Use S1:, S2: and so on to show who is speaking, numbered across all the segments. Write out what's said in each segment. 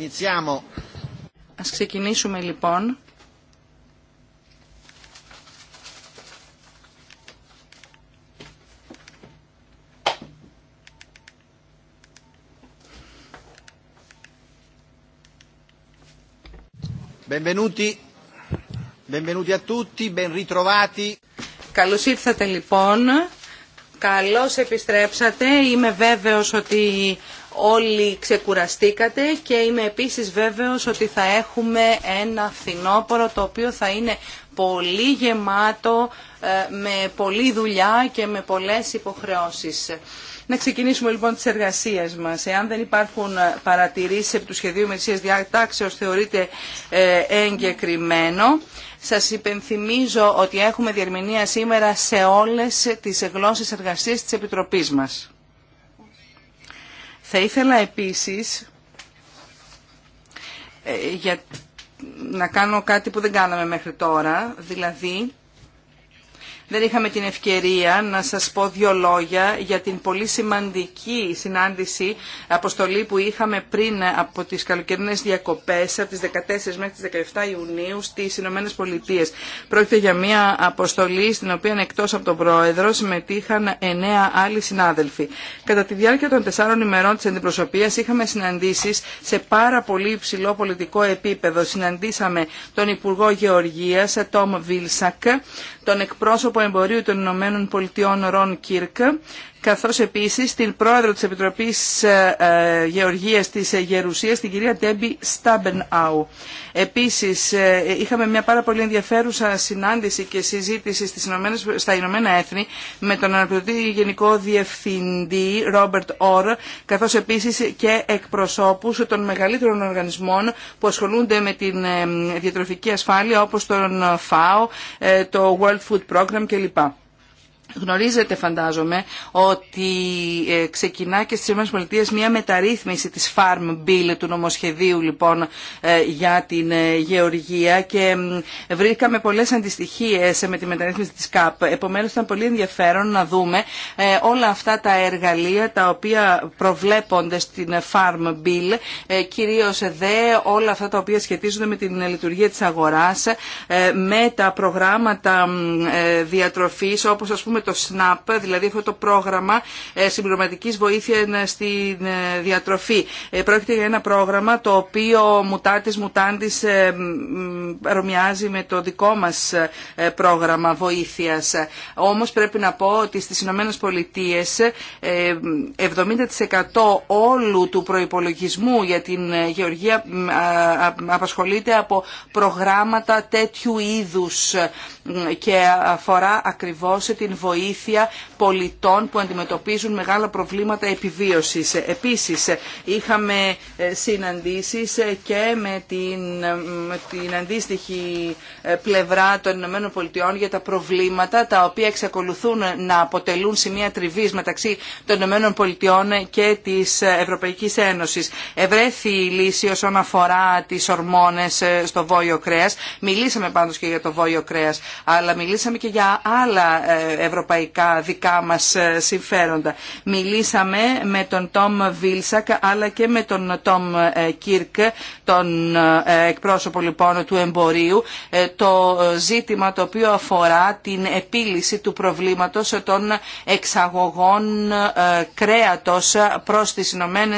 S1: Iniziamo. Ας ξεκινήσουμε λοιπόν. Benvenuti. Benvenuti a tutti, ben ritrovati. Καλώς ήρθατε λοιπόν. Καλώς επιστρέψατε. Είμαι βέβαιος ότι όλοι ξεκουραστήκατε και είμαι επίσης βέβαιος ότι θα έχουμε ένα φθινόπωρο το οποίο θα είναι πολύ γεμάτο ε, με πολλή δουλειά και με πολλές υποχρεώσεις. Να ξεκινήσουμε λοιπόν τις εργασίες μας. Εάν δεν υπάρχουν ε, παρατηρήσεις από του σχεδίου μερσίας διατάξεως θεωρείται ε, εγκεκριμένο. Σας υπενθυμίζω ότι έχουμε διερμηνία σήμερα σε όλες τις γλώσσες εργασίες της Επιτροπής μας. Θα ήθελα επίσης ε, για να κάνω κάτι που δεν κάναμε μέχρι τώρα, δηλαδή δεν είχαμε την ευκαιρία να σας πω δύο λόγια για την πολύ σημαντική συνάντηση αποστολή που είχαμε πριν από τις καλοκαιρινές διακοπές από τις 14 μέχρι τις 17 Ιουνίου στις Ηνωμένες Πολιτείες. Πρόκειται για μια αποστολή στην οποία εκτός από τον Πρόεδρο συμμετείχαν εννέα άλλοι συνάδελφοι. Κατά τη διάρκεια των τεσσάρων ημερών της αντιπροσωπείας είχαμε συναντήσεις σε πάρα πολύ υψηλό πολιτικό επίπεδο. Συναντήσαμε τον Υπουργό Γεωργίας, Τόμ Βίλσακ, τον εκπρόσωπο εμπορίου των Ηνωμένων Πολιτειών Ρον Κίρκ καθώς επίσης την πρόεδρο της Επιτροπής ε, ε, Γεωργίας της ε, Γερουσίας, την κυρία Ντέμπι Στάμπενάου. Επίσης, είχαμε μια πάρα πολύ ενδιαφέρουσα συνάντηση και συζήτηση στις Ηνωμένες, στα Ηνωμένα Έθνη με τον αναπληρωτή Γενικό Διευθυντή Ρόμπερτ Ορ, καθώς επίσης και εκπροσώπους των μεγαλύτερων οργανισμών που ασχολούνται με την διατροφική ασφάλεια, όπως τον ΦΑΟ, το World Food Program κλπ. Γνωρίζετε φαντάζομαι ότι ε, ξεκινά και στις ΗΠΑ μια μεταρρύθμιση της Farm Bill του νομοσχεδίου λοιπόν ε, για την ε, γεωργία και βρήκαμε πολλές αντιστοιχίες με τη μεταρρύθμιση της ΚΑΠ. Επομένως ήταν πολύ ενδιαφέρον να δούμε όλα αυτά τα εργαλεία τα οποία προβλέπονται στην Farm Bill, κυρίως δε όλα αυτά τα οποία σχετίζονται με την λειτουργία της αγοράς, με τα προγράμματα διατροφής όπως ας πούμε το SNAP, δηλαδή αυτό το πρόγραμμα ε, συμπληρωματικής βοήθειας ε, στην ε, διατροφή. Πρόκειται για ένα πρόγραμμα το οποίο μουτάτης μουτάντης ρωμιάζει με το δικό μας πρόγραμμα βοήθειας. Όμως πρέπει να πω ότι στις Ηνωμένες Πολιτείες 70% όλου του προϋπολογισμού για την γεωργία απασχολείται από προγράμματα τέτοιου είδους και αφορά ακριβώς την βοήθεια βοήθεια πολιτών που αντιμετωπίζουν μεγάλα προβλήματα επιβίωσης. Επίσης, είχαμε ε, συναντήσεις ε, και με την, ε, με την αντίστοιχη πλευρά των ΗΠΑ για τα προβλήματα τα οποία εξακολουθούν να αποτελούν σημεία τριβής μεταξύ των πολιτειών και της Ευρωπαϊκής Ένωσης. Ευρέθη η λύση όσον αφορά τις ορμόνες στο βόλιο κρέας. Μιλήσαμε πάντως και για το βόλιο κρέας, αλλά μιλήσαμε και για άλλα ευρωπαϊκά δικά μας ε, συμφέροντα. Μιλήσαμε με τον Τόμ Βίλσακ αλλά και με τον Τόμ ε, Κίρκ, τον ε, εκπρόσωπο λοιπόν του εμπορίου, το ζήτημα το οποίο αφορά την επίλυση του προβλήματος των εξαγωγών κρέατος προς τις Ηνωμένε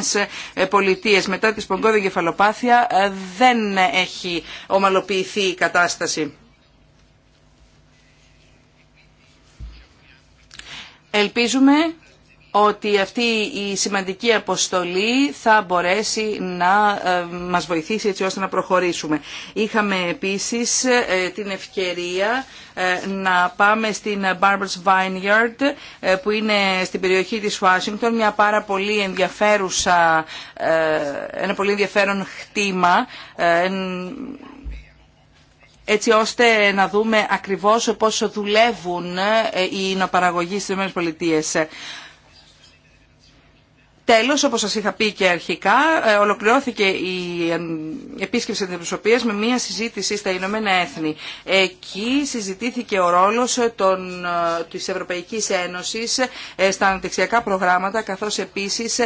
S1: Πολιτείες. Μετά τη σπονγκόδη κεφαλοπάθεια δεν έχει ομαλοποιηθεί η κατάσταση. Ελπίζουμε ότι αυτή η σημαντική αποστολή θα μπορέσει να ε, μας βοηθήσει έτσι ώστε να προχωρήσουμε. Είχαμε επίσης ε, την ευκαιρία ε, να πάμε στην Barber's Vineyard που είναι στην περιοχή της Ουάσιγκτον μια πάρα πολύ ενδιαφέρουσα ένα πολύ ενδιαφέρον χτήμα έτσι ώστε να δούμε ακριβώς πόσο δουλεύουν ε, οι νοπαραγωγοί στις ΗΠΑ. Τέλος, όπως σας είχα πει και αρχικά, ε, ολοκληρώθηκε η ε, επίσκεψη της με μια συζήτηση στα Ηνωμένα Έθνη. Εκεί συζητήθηκε ο ρόλος τη ε, της Ευρωπαϊκής Ένωσης στα αναπτυξιακά προγράμματα, καθώς επίσης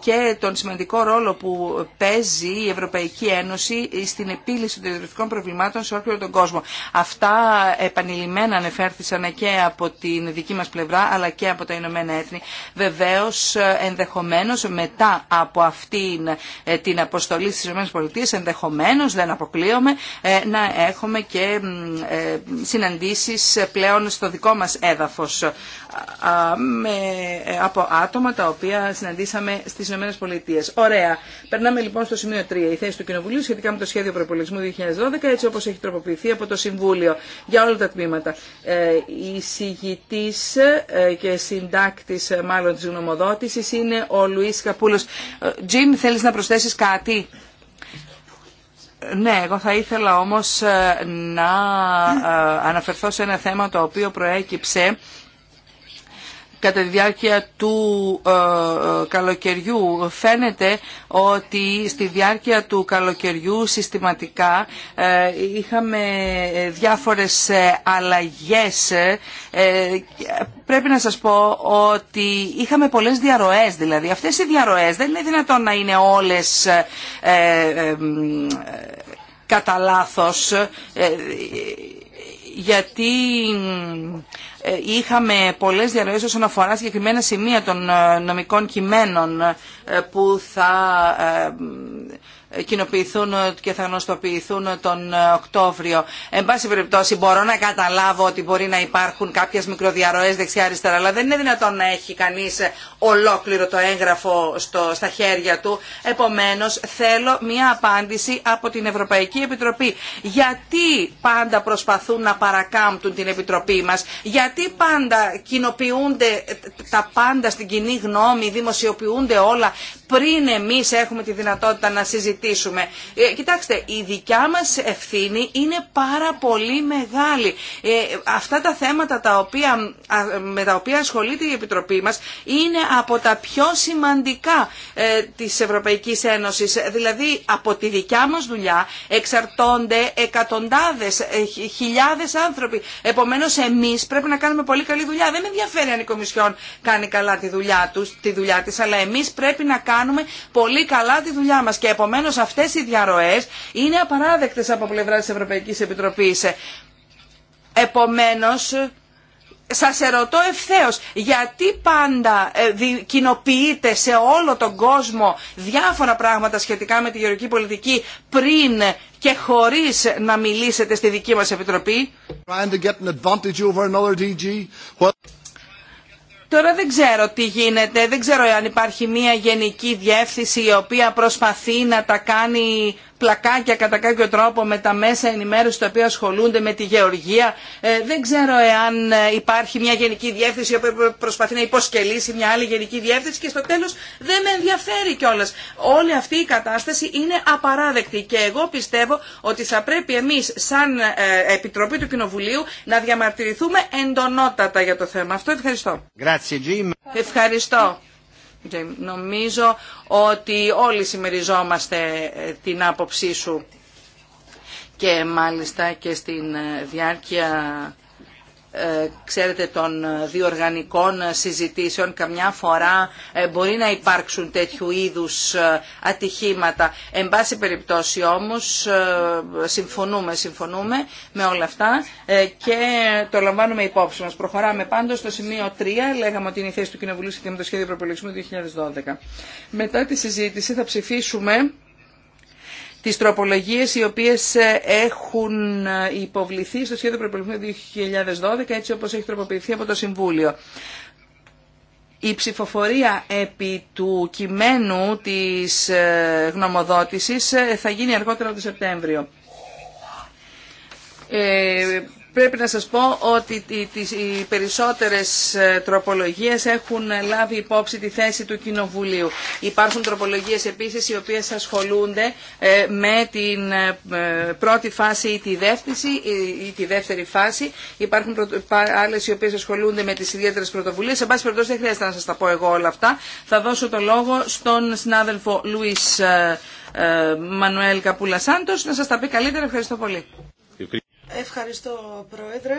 S1: και τον σημαντικό ρόλο που παίζει η Ευρωπαϊκή Ένωση στην επίλυση των ιδρυτικών προβλημάτων σε όλο τον κόσμο. Αυτά επανειλημμένα ανεφέρθησαν και από την δική μας πλευρά, αλλά και από τα Ηνωμένα Έθνη. Βεβαίως, ενδεχομένως ενδεχομένως μετά από αυτήν ε, την αποστολή στις ΗΠΑ ενδεχομένως δεν αποκλείομαι ε, να έχουμε και ε, συναντήσεις πλέον στο δικό μας έδαφος με, από άτομα τα οποία συναντήσαμε στις ΗΠΑ. Ωραία. Περνάμε λοιπόν στο σημείο 3. Η θέση του Κοινοβουλίου σχετικά με το σχέδιο προπολογισμού 2012 έτσι όπως έχει τροποποιηθεί από το Συμβούλιο για όλα τα τμήματα. η συγητής και συντάκτης μάλλον της γνωμοδότησης είναι ο Λουίς Καπούλος. Ε, Τζιμ, θέλεις να προσθέσεις κάτι? Ναι, εγώ θα ήθελα όμως ε, να ε, αναφερθώ σε ένα θέμα το οποίο προέκυψε κατά τη διάρκεια του ε, ε, καλοκαιριού. Φαίνεται ότι στη διάρκεια του καλοκαιριού συστηματικά ε, είχαμε διάφορες αλλαγές. Πρέπει να σας πω ότι είχαμε πολλές διαρροές δηλαδή. Αυτές οι διαρροές δεν είναι δυνατόν να είναι όλες κατά λάθος γιατί ε, είχαμε πολλές διαρροές όσον αφορά συγκεκριμένα σημεία των ε, νομικών κειμένων ε, που θα κοινοποιηθούν και θα γνωστοποιηθούν τον Οκτώβριο. Εν πάση περιπτώσει μπορώ να καταλάβω ότι μπορεί να υπάρχουν κάποιες μικροδιαρροές δεξιά-αριστερά, αλλά δεν είναι δυνατόν να έχει κανείς ολόκληρο το έγγραφο στο, στα χέρια του. Επομένως θέλω μια απάντηση από την Ευρωπαϊκή Επιτροπή. Γιατί πάντα προσπαθούν να παρακάμπτουν την Επιτροπή μας, γιατί πάντα κοινοποιούνται τα πάντα στην κοινή γνώμη, δημοσιοποιούνται όλα, πριν εμείς έχουμε τη δυνατότητα να συζητήσουμε. Ε, κοιτάξτε, η δικιά μας ευθύνη είναι πάρα πολύ μεγάλη. Ε, αυτά τα θέματα τα οποία, με τα οποία ασχολείται η Επιτροπή μας είναι από τα πιο σημαντικά ε, της Ευρωπαϊκής Ένωσης. Δηλαδή, από τη δικιά μας δουλειά εξαρτώνται εκατοντάδες, χιλιάδες άνθρωποι. Επομένως, εμείς πρέπει να κάνουμε πολύ καλή δουλειά. Δεν με ενδιαφέρει αν η Κομισιόν κάνει καλά τη δουλειά, τους, τη δουλειά αλλά εμείς πρέπει να κάνουμε κάνουμε πολύ καλά τη δουλειά μας. Και επομένως αυτές οι διαρροές είναι απαράδεκτες από πλευρά τη Ευρωπαϊκής Επιτροπής. Επομένως, σας ερωτώ ευθέως, γιατί πάντα ε, κοινοποιείτε σε όλο τον κόσμο διάφορα πράγματα σχετικά με τη γεωργική πολιτική πριν και χωρίς να μιλήσετε στη δική μας Επιτροπή. Τώρα δεν ξέρω τι γίνεται, δεν ξέρω αν υπάρχει μια γενική διεύθυνση η οποία προσπαθεί να τα κάνει πλακάκια κατά κάποιο τρόπο με τα μέσα ενημέρωση τα οποία ασχολούνται με τη γεωργία. Ε, δεν ξέρω εάν ε, υπάρχει μια γενική διεύθυνση που προσπαθεί να υποσκελίσει μια άλλη γενική διεύθυνση και στο τέλο δεν με ενδιαφέρει κιόλα. Όλη αυτή η κατάσταση είναι απαράδεκτη και εγώ πιστεύω ότι θα πρέπει εμεί, σαν ε, Επιτροπή του Κοινοβουλίου να διαμαρτυρηθούμε εντονότατα για το θέμα. Αυτό ευχαριστώ. Ευχαριστώ. Νομίζω ότι όλοι συμμεριζόμαστε ε, την άποψή σου και μάλιστα και στην ε, διάρκεια ε, ξέρετε, των διοργανικών συζητήσεων. Καμιά φορά ε, μπορεί να υπάρξουν τέτοιου είδους ε, ατυχήματα. Εν πάση περιπτώσει όμως συμφωνούμε, συμφωνούμε με όλα αυτά και το λαμβάνουμε υπόψη μας. Προχωράμε πάντως στο σημείο 3, λέγαμε ότι είναι η θέση του Κοινοβουλίου σχετικά με το σχέδιο προπολογισμού 2012. Μετά τη συζήτηση θα ψηφίσουμε τις τροπολογίες οι οποίες ε, έχουν ε, υποβληθεί στο σχέδιο προπολογισμού 2012 έτσι όπως έχει τροποποιηθεί από το Συμβούλιο. Η ψηφοφορία επί του κειμένου της ε, γνωμοδότησης θα γίνει αργότερα το Σεπτέμβριο. Ε, Πρέπει να σας πω ότι οι περισσότερες ε, τροπολογίες έχουν λάβει υπόψη τη θέση του Κοινοβουλίου. Υπάρχουν τροπολογίες επίσης οι οποίες ασχολούνται ε, με την ε, πρώτη φάση ή τη δεύτερη, ή τη δεύτερη φάση. Υπάρχουν άλλες οι οποίες ασχολούνται με τις ιδιαίτερες πρωτοβουλίες. Σε πάση περιπτώσει δεν χρειάζεται να σας τα πω εγώ όλα αυτά. Θα δώσω το λόγο στον συνάδελφο Λουίς Μανουέλ Καπούλα Σάντος να σας τα πει καλύτερα. Ευχαριστώ πολύ.
S2: Ευχαριστώ, Πρόεδρε.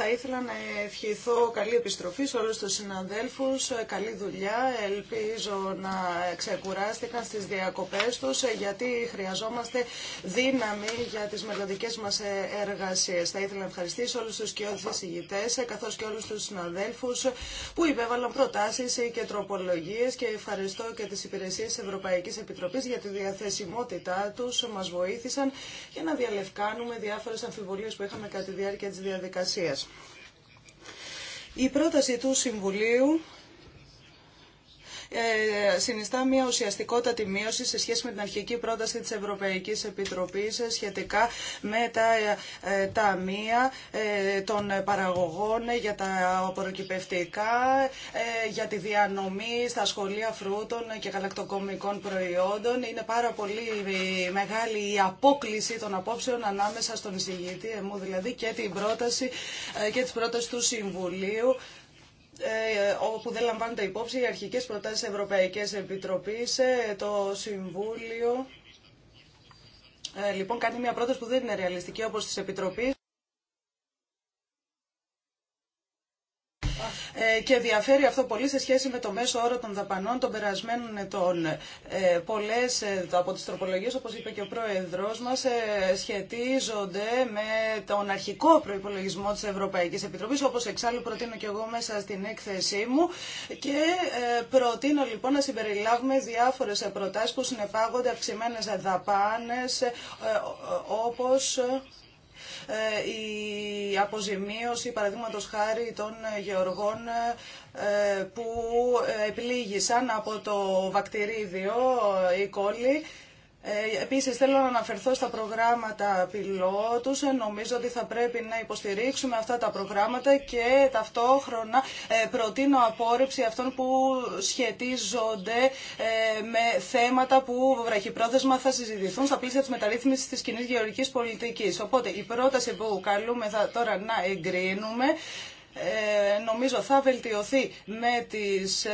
S2: Θα ήθελα να ευχηθώ καλή επιστροφή σε όλους τους συναδέλφους, καλή δουλειά. Ελπίζω να ξεκουράστηκαν στις διακοπές τους, γιατί χρειαζόμαστε δύναμη για τις μελλοντικές μας εργασίες. Θα ήθελα να ευχαριστήσω όλους τους κοιόδους ηγητές, καθώς και όλους τους συναδέλφους που υπέβαλαν προτάσεις και τροπολογίες και ευχαριστώ και τις υπηρεσίες της Ευρωπαϊκής Επιτροπής για τη διαθεσιμότητά τους. Μας βοήθησαν για να διαλευκάνουμε διάφορες αμφιβολίες που είχαμε κατά τη διάρκεια της διαδικασίας. Η πρόταση του Συμβουλίου ε, συνιστά μια ουσιαστικότατη μείωση σε σχέση με την αρχική πρόταση της Ευρωπαϊκής Επιτροπής ε, σχετικά με τα ε, ταμεία των παραγωγών για τα απορροκυπευτικά, για τη διανομή στα σχολεία φρούτων και γαλακτοκομικών προϊόντων. Είναι πάρα πολύ μεγάλη η απόκληση των απόψεων ανάμεσα στον εισηγητή μου δηλαδή και την πρόταση και τις του Συμβουλίου. Ε, όπου δεν λαμβάνεται υπόψη οι αρχικές προτάσεις Ευρωπαϊκής Επιτροπής, ε, το Συμβούλιο... Ε, λοιπόν, κάνει μια πρόταση που δεν είναι ρεαλιστική όπως της Επιτροπής. Ε, και διαφέρει αυτό πολύ σε σχέση με το μέσο όρο των δαπανών των περασμένων ετών. Ε, πολλές ε, από τις τροπολογίες, όπως είπε και ο Πρόεδρος μας, σχετίζονται με τον αρχικό προϋπολογισμό της Ευρωπαϊκής Επιτροπής, όπως εξάλλου προτείνω και εγώ μέσα στην έκθεσή μου και προτείνω λοιπόν να συμπεριλάβουμε διάφορες προτάσεις που συνεπάγονται αυξημένες δαπάνες, όπως ε, η αποζημίωση παραδείγματος χάρη των γεωργών ε, που ε, επλήγησαν από το βακτηρίδιο ή κόλλη ε, επίσης θέλω να αναφερθώ στα προγράμματα πιλότους. Ε, νομίζω ότι θα πρέπει να υποστηρίξουμε αυτά τα προγράμματα και ταυτόχρονα ε, προτείνω απόρριψη αυτών που σχετίζονται με θέματα που βραχυπρόθεσμα θα συζητηθούν στα πλαίσια της μεταρρύθμισης της κοινή γεωργικής πολιτικής. Οπότε η πρόταση που καλούμε τώρα να εγκρίνουμε νομίζω θα βελτιωθεί με τις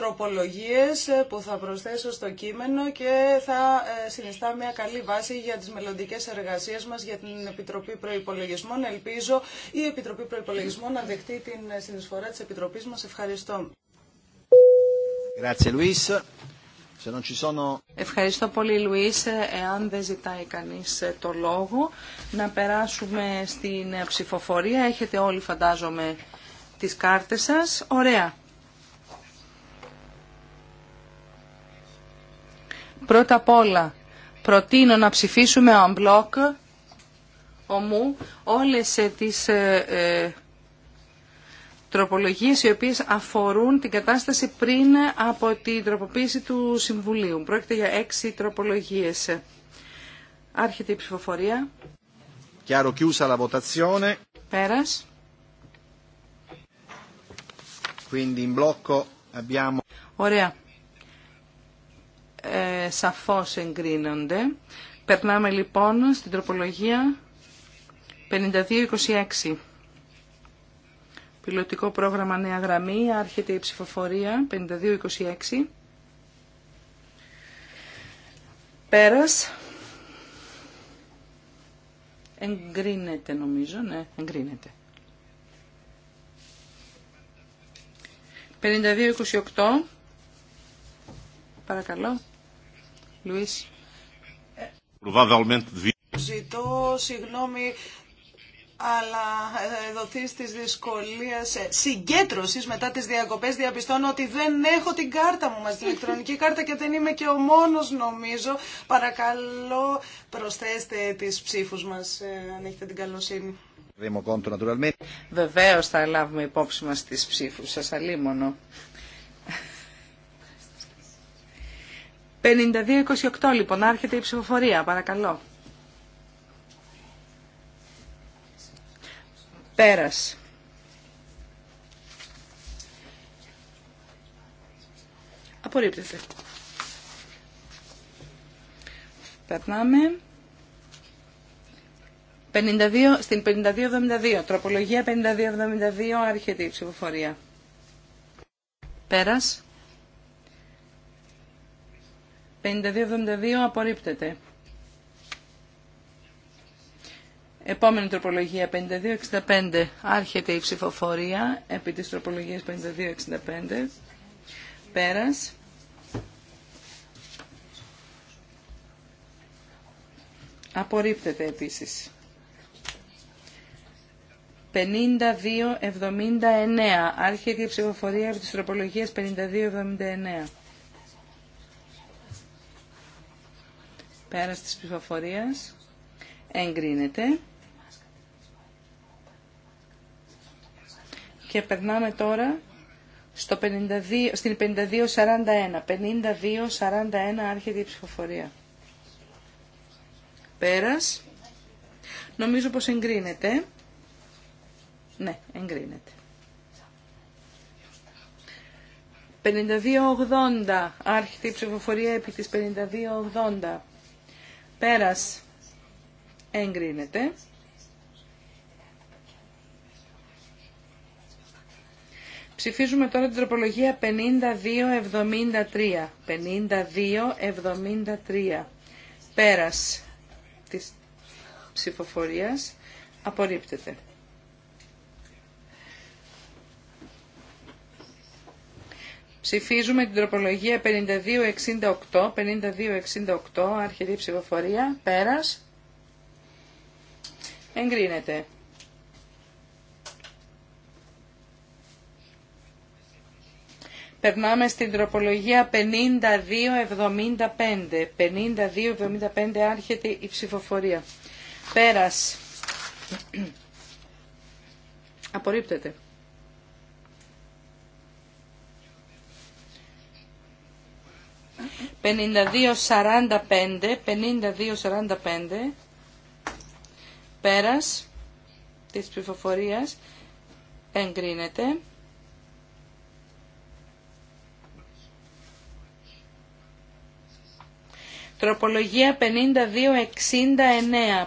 S2: τροπολογίες ε, που θα προσθέσω στο κείμενο και θα ε, συνιστά μια καλή βάση για τις μελλοντικές εργασίες μας για την Επιτροπή Προϋπολογισμών. Ελπίζω η Επιτροπή Προϋπολογισμών να δεχτεί την συνεισφορά της Επιτροπής μας. Ευχαριστώ.
S1: Ευχαριστώ πολύ Λουίς. Ε, εάν δεν ζητάει κανείς το λόγο, να περάσουμε στην ψηφοφορία. Έχετε όλοι φαντάζομαι τις κάρτες σας. Ωραία. Πρώτα απ' όλα, προτείνω να ψηφίσουμε on block ομού όλες ε, τις ε, ε, τροπολογίες οι οποίες αφορούν την κατάσταση πριν από την τροποποίηση του Συμβουλίου. Πρόκειται για έξι τροπολογίες. Άρχεται η ψηφοφορία. Chiaro chiusa la votazione. Πέρας. Quindi in blocco abbiamo... Ωραία. Ε, σαφώς εγκρίνονται. Περνάμε λοιπόν στην τροπολογία 5226. Πιλωτικό πρόγραμμα Νέα Γραμμή, άρχεται η ψηφοφορία 5226. Πέρας. Εγκρίνεται νομίζω, ναι, εγκρίνεται. 52-28. Παρακαλώ. Λουίς.
S2: Ζητώ συγγνώμη αλλά ε, δοθεί τη δυσκολία ε, συγκέντρωση μετά τι διακοπέ. Διαπιστώνω ότι δεν έχω την κάρτα μου μας, την ηλεκτρονική κάρτα και δεν είμαι και ο μόνο νομίζω. Παρακαλώ, προσθέστε τι ψήφου μα, ε, αν έχετε την καλοσύνη.
S1: Βεβαίω θα λάβουμε υπόψη μα τι ψήφου σα, αλίμονο. 52-28 λοιπόν, άρχεται η ψηφοφορία, παρακαλώ. Πέρας. Απορρίπτεται. Περνάμε. 52, στην 52-72, τροπολογία 52-72, άρχεται η ψηφοφορία. Πέρας. 52-72 απορρίπτεται. Επόμενη τροπολογία 52-65. Άρχεται η ψηφοφορία επί της τροπολογίας 52-65. Πέρας. Απορρίπτεται επίσης. 52-79. Άρχεται η ψηφοφορία επί της τροπολογίας 52-79. Πέρας της ψηφοφορίας εγκρίνεται. Και περνάμε τώρα στο 52, στην 52-41 άρχεται η ψηφοφορία. Πέρας. Νομίζω πως εγκρίνεται. Ναι, εγκρίνεται. 52-80 Άρχεται η ψηφοφορία επί της 5280. Πέρας εγκρίνεται. Ψηφίζουμε τώρα την τροπολογία 5273. 5273. Πέρας της ψηφοφορίας απορρίπτεται. Ψηφίζουμε την τροπολογία 5268, 5268, άρχεται η ψηφοφορία, πέρας. Εγκρίνεται. Περνάμε στην τροπολογία 5275. 5275 άρχεται η ψηφοφορία. Πέρας. Απορρίπτεται. 52-45, 52-45, πέρας της ψηφοφορίας, εγκρίνεται. Τροπολογία Τροπολογία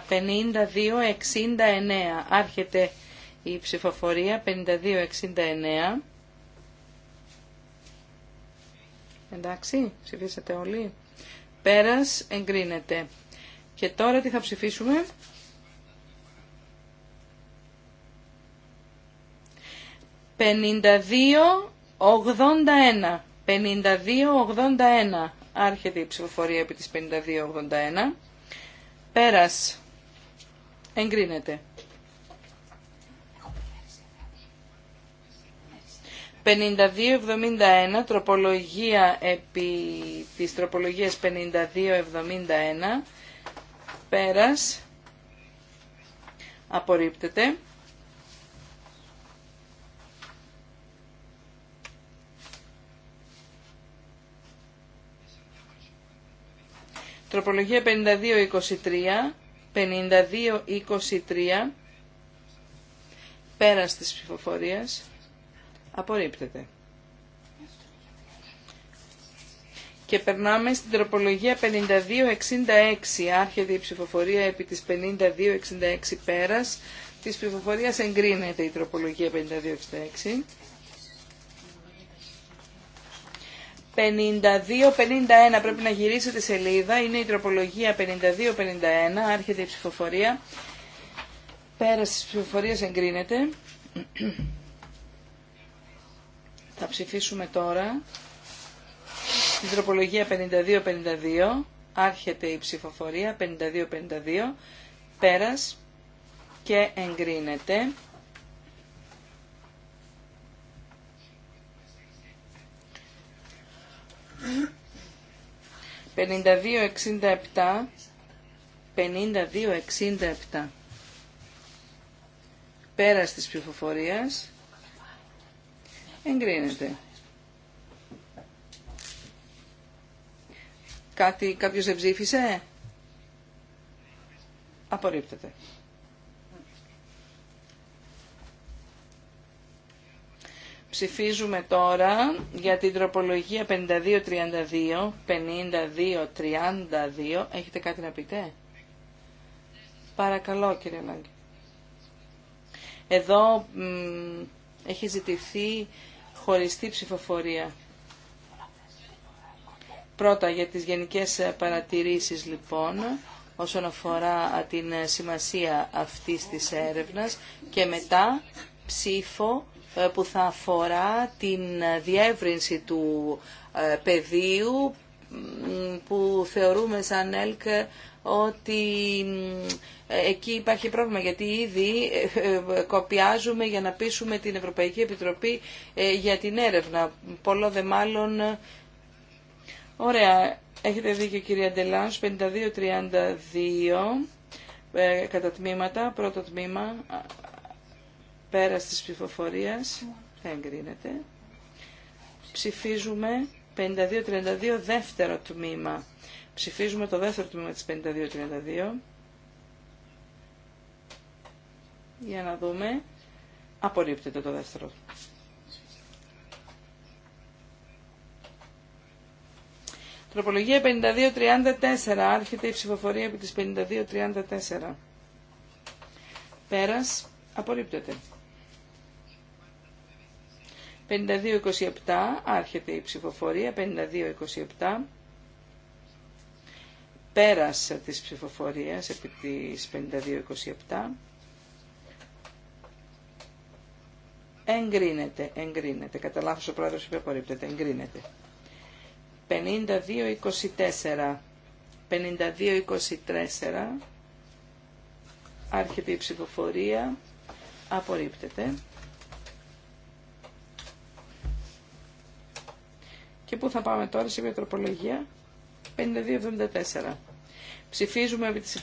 S1: 52-69, 52-69, Άρχεται η ψηφοφορία 52 52-69. Εντάξει, ψηφίσατε όλοι. Πέρας, εγκρίνεται. Και τώρα τι θα ψηφίσουμε. «5281». 5281. 5281. 81 αρχεται η ψηφοφορία επί της 52-81. Πέρας. Εγκρίνεται. 5271, τροπολογία επί της τροπολογίας 5271, πέρας, απορρίπτεται. Τροπολογία 5223, 5223, πέρας της ψηφοφορίας, Απορρίπτεται. Και περνάμε στην τροπολογία 5266. Άρχεται η ψηφοφορία επί της 5266 πέρας. Της ψηφοφορίας εγκρίνεται η τροπολογία 5266. 52-51 πρέπει να τη σελίδα. Είναι η τροπολογία 52-51. Άρχεται η ψηφοφορία. Πέρας της ψηφοφορίας εγκρίνεται. Θα ψηφίσουμε τώρα η τροπολογία 52-52. Άρχεται η ψηφοφορία 52-52. Πέρας και εγκρίνεται. Πενήντα εξήντα 52-67 πέρας της ψηφοφορίας εγκρίνεται. Κάτι, κάποιος δεν ψήφισε.
S2: Απορρίπτεται.
S1: Ψηφίζουμε τώρα για την τροπολογία 52-32, 52-32. Έχετε κάτι να πείτε? Παρακαλώ κύριε Λάγκη. Εδώ έχει ζητηθεί χωριστή ψηφοφορία. Πρώτα για τις γενικές παρατηρήσεις λοιπόν όσον αφορά την σημασία αυτής της έρευνας και μετά ψήφο ε, που θα αφορά την διεύρυνση του ε, πεδίου που θεωρούμε σαν ΕΛΚ ότι ε, εκεί υπάρχει πρόβλημα γιατί ήδη ε, ε, κοπιάζουμε για να πείσουμε την Ευρωπαϊκή Επιτροπή για την έρευνα. Πολλό δε μάλλον... Ωραία, δει και δίκιο κυρία Ντελάνς, 52-32 κατά τμήματα, πρώτο τμήμα, πέρα της ψηφοφορια δεν εγκρίνεται. Ψηφίζουμε 52-32 δεύτερο τμήμα. Ψηφίζουμε το δεύτερο τμήμα της 52-32. Για να δούμε. Απορρίπτεται το δεύτερο. Τροπολογία 5234. Άρχεται η ψηφοφορία επί της 5234. Πέρας. Απορρίπτεται. 5227. Άρχεται η ψηφοφορία. 5227. Πέρας της ψηφοφορίας επί της 5227. Εγκρίνεται, εγκρίνεται. Κατά λάθος ο πρόεδρος είπε απορρίπτεται. Εγκρίνεται. 52-24. 52-24. Άρχεται η ψηφοφορία. Απορρίπτεται. Και πού θα πάμε τώρα σε ίδια 52 52-74. Ψηφίζουμε επί της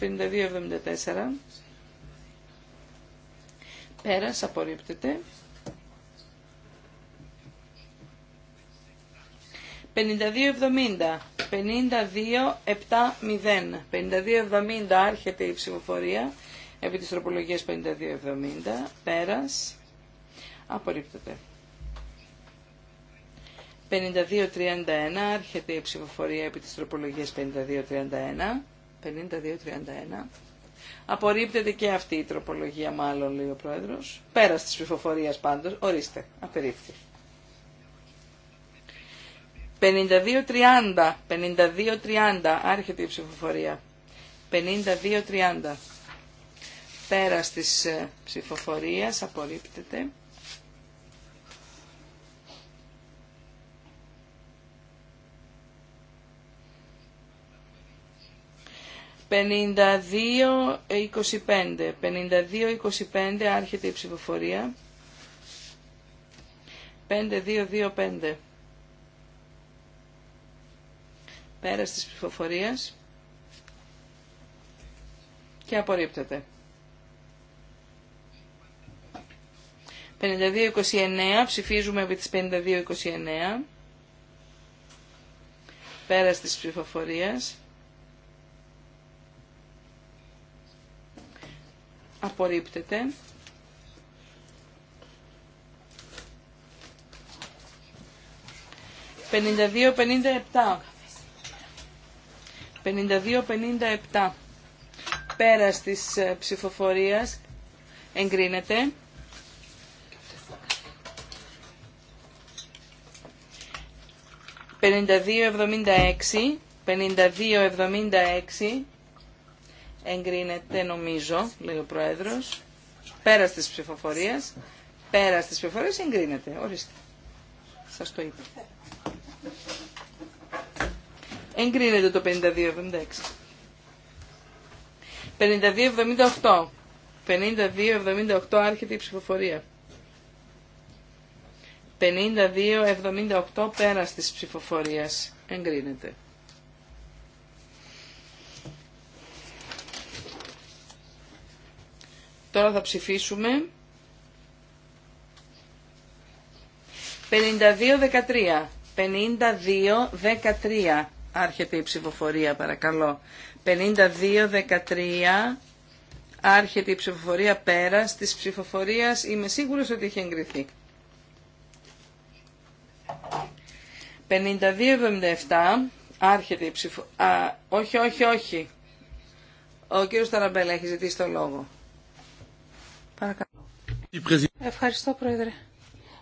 S1: 52-74. Πέρας απορρίπτεται. 5270. 5270. 5270 άρχεται η ψηφοφορία επί της τροπολογίας 5270. Πέρας. Απορρίπτεται. 5231 άρχεται η ψηφοφορία επί της τροπολογίας 5231. 5231. Απορρίπτεται και αυτή η τροπολογία μάλλον λέει ο Πρόεδρος. Πέρας της ψηφοφορίας πάντως. Ορίστε. Απερίφθη. 52-30. 52-30. Άρχεται η ψηφοφορία. 52-30. Πέρας της ε, ψηφοφοριας απολυπτεται απορρίπτεται. 52-25. 52-25 άρχεται η ψηφοφορία. 52-25. Πέρας της ψηφοφορίας. Και απορρίπτεται. 52-29. Ψηφίζουμε επί της 52-29. Πέρας της ψηφοφορίας. Απορρίπτεται. 52-57. 52-57 πέρας της ψηφοφορίας εγκρίνεται. «52-76», «52-76», εγκρίνεται νομίζω, λέει ο Προεδρο. πέρας τη ψηφοφορία. Πέρα τη ψηφοφορία εγκρίνεται, ορίστε, Σα το είπα. Εγκρίνεται το 5276. 5278. 5278 άρχεται η ψηφοφορία. 5278 πέρας της ψηφοφορίας. Εγκρίνεται. τώρα θα ψηφίσουμε. 52-13. 52-13. Άρχεται η ψηφοφορία παρακαλώ. 52-13. Άρχεται η ψηφοφορία πέρα της ψηφοφορίας. Είμαι σίγουρος ότι έχει εγκριθεί. 52-77. Άρχεται η ψηφοφορία. όχι, όχι, όχι. Ο κύριος Ταραμπέλα έχει ζητήσει το λόγο.
S3: Παρακαλώ. Ευχαριστώ, Πρόεδρε.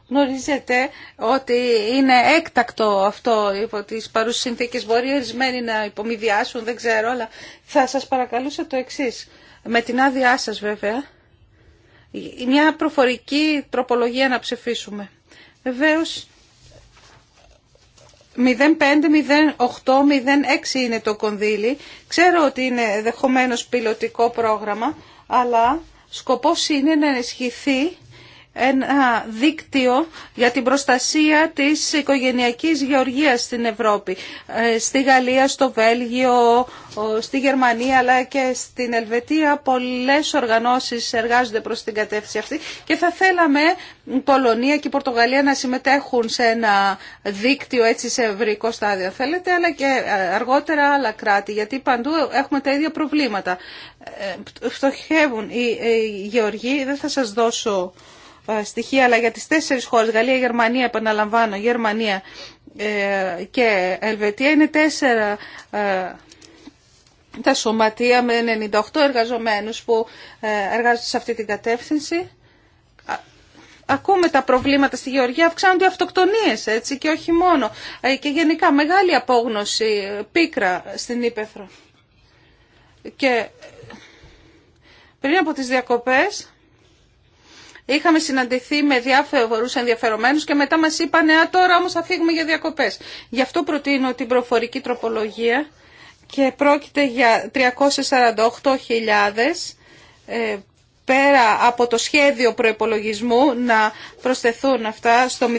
S3: Γνωρίζετε ότι είναι έκτακτο αυτό υπό τις παρούσες συνθήκες. Μπορεί ορισμένοι να υπομοιδιάσουν, δεν ξέρω, αλλά θα σας παρακαλούσα το εξής. Με την άδειά σα, βέβαια, μια προφορική τροπολογία να ψηφίσουμε. Βεβαίω, 05, 08, 06 είναι το κονδύλι. Ξέρω ότι είναι δεχομένως πιλωτικό πρόγραμμα, αλλά σκοπός είναι να ενισχυθεί ένα δίκτυο για την προστασία της οικογενειακής γεωργίας στην Ευρώπη. Ε, στη Γαλλία, στο Βέλγιο, στη Γερμανία αλλά και στην Ελβετία πολλές οργανώσεις εργάζονται προς την κατεύθυνση αυτή και θα θέλαμε η Πολωνία και η Πορτογαλία να συμμετέχουν σε ένα δίκτυο έτσι σε ευρικό στάδιο θέλετε αλλά και ε, αργότερα άλλα κράτη γιατί παντού έχουμε τα ίδια προβλήματα. Ε, φτωχεύουν οι γεωργοί, δεν θα σας δώσω ε, στοιχεία, αλλά για τις τέσσερις χώρες, Γαλλία, Γερμανία, επαναλαμβάνω, Γερμανία ε, και Ελβετία, είναι τέσσερα ε, τα σωματεία με 98 εργαζομένους που εργάζονται σε αυτή την κατεύθυνση. Ακούμε τα προβλήματα στη Γεωργία, αυξάνονται οι αυτοκτονίες, έτσι, και όχι μόνο. Και γενικά μεγάλη απόγνωση, πίκρα στην Ήπεθρο. Και πριν από τις διακοπές Είχαμε συναντηθεί με διάφορους ενδιαφερομένους και μετά μας είπαν «Α, τώρα όμω θα φύγουμε για διακοπές». Γι' αυτό προτείνω την προφορική τροπολογία και πρόκειται για 348.000 πέρα από το σχέδιο προϋπολογισμού να προσθεθούν αυτά στο 050806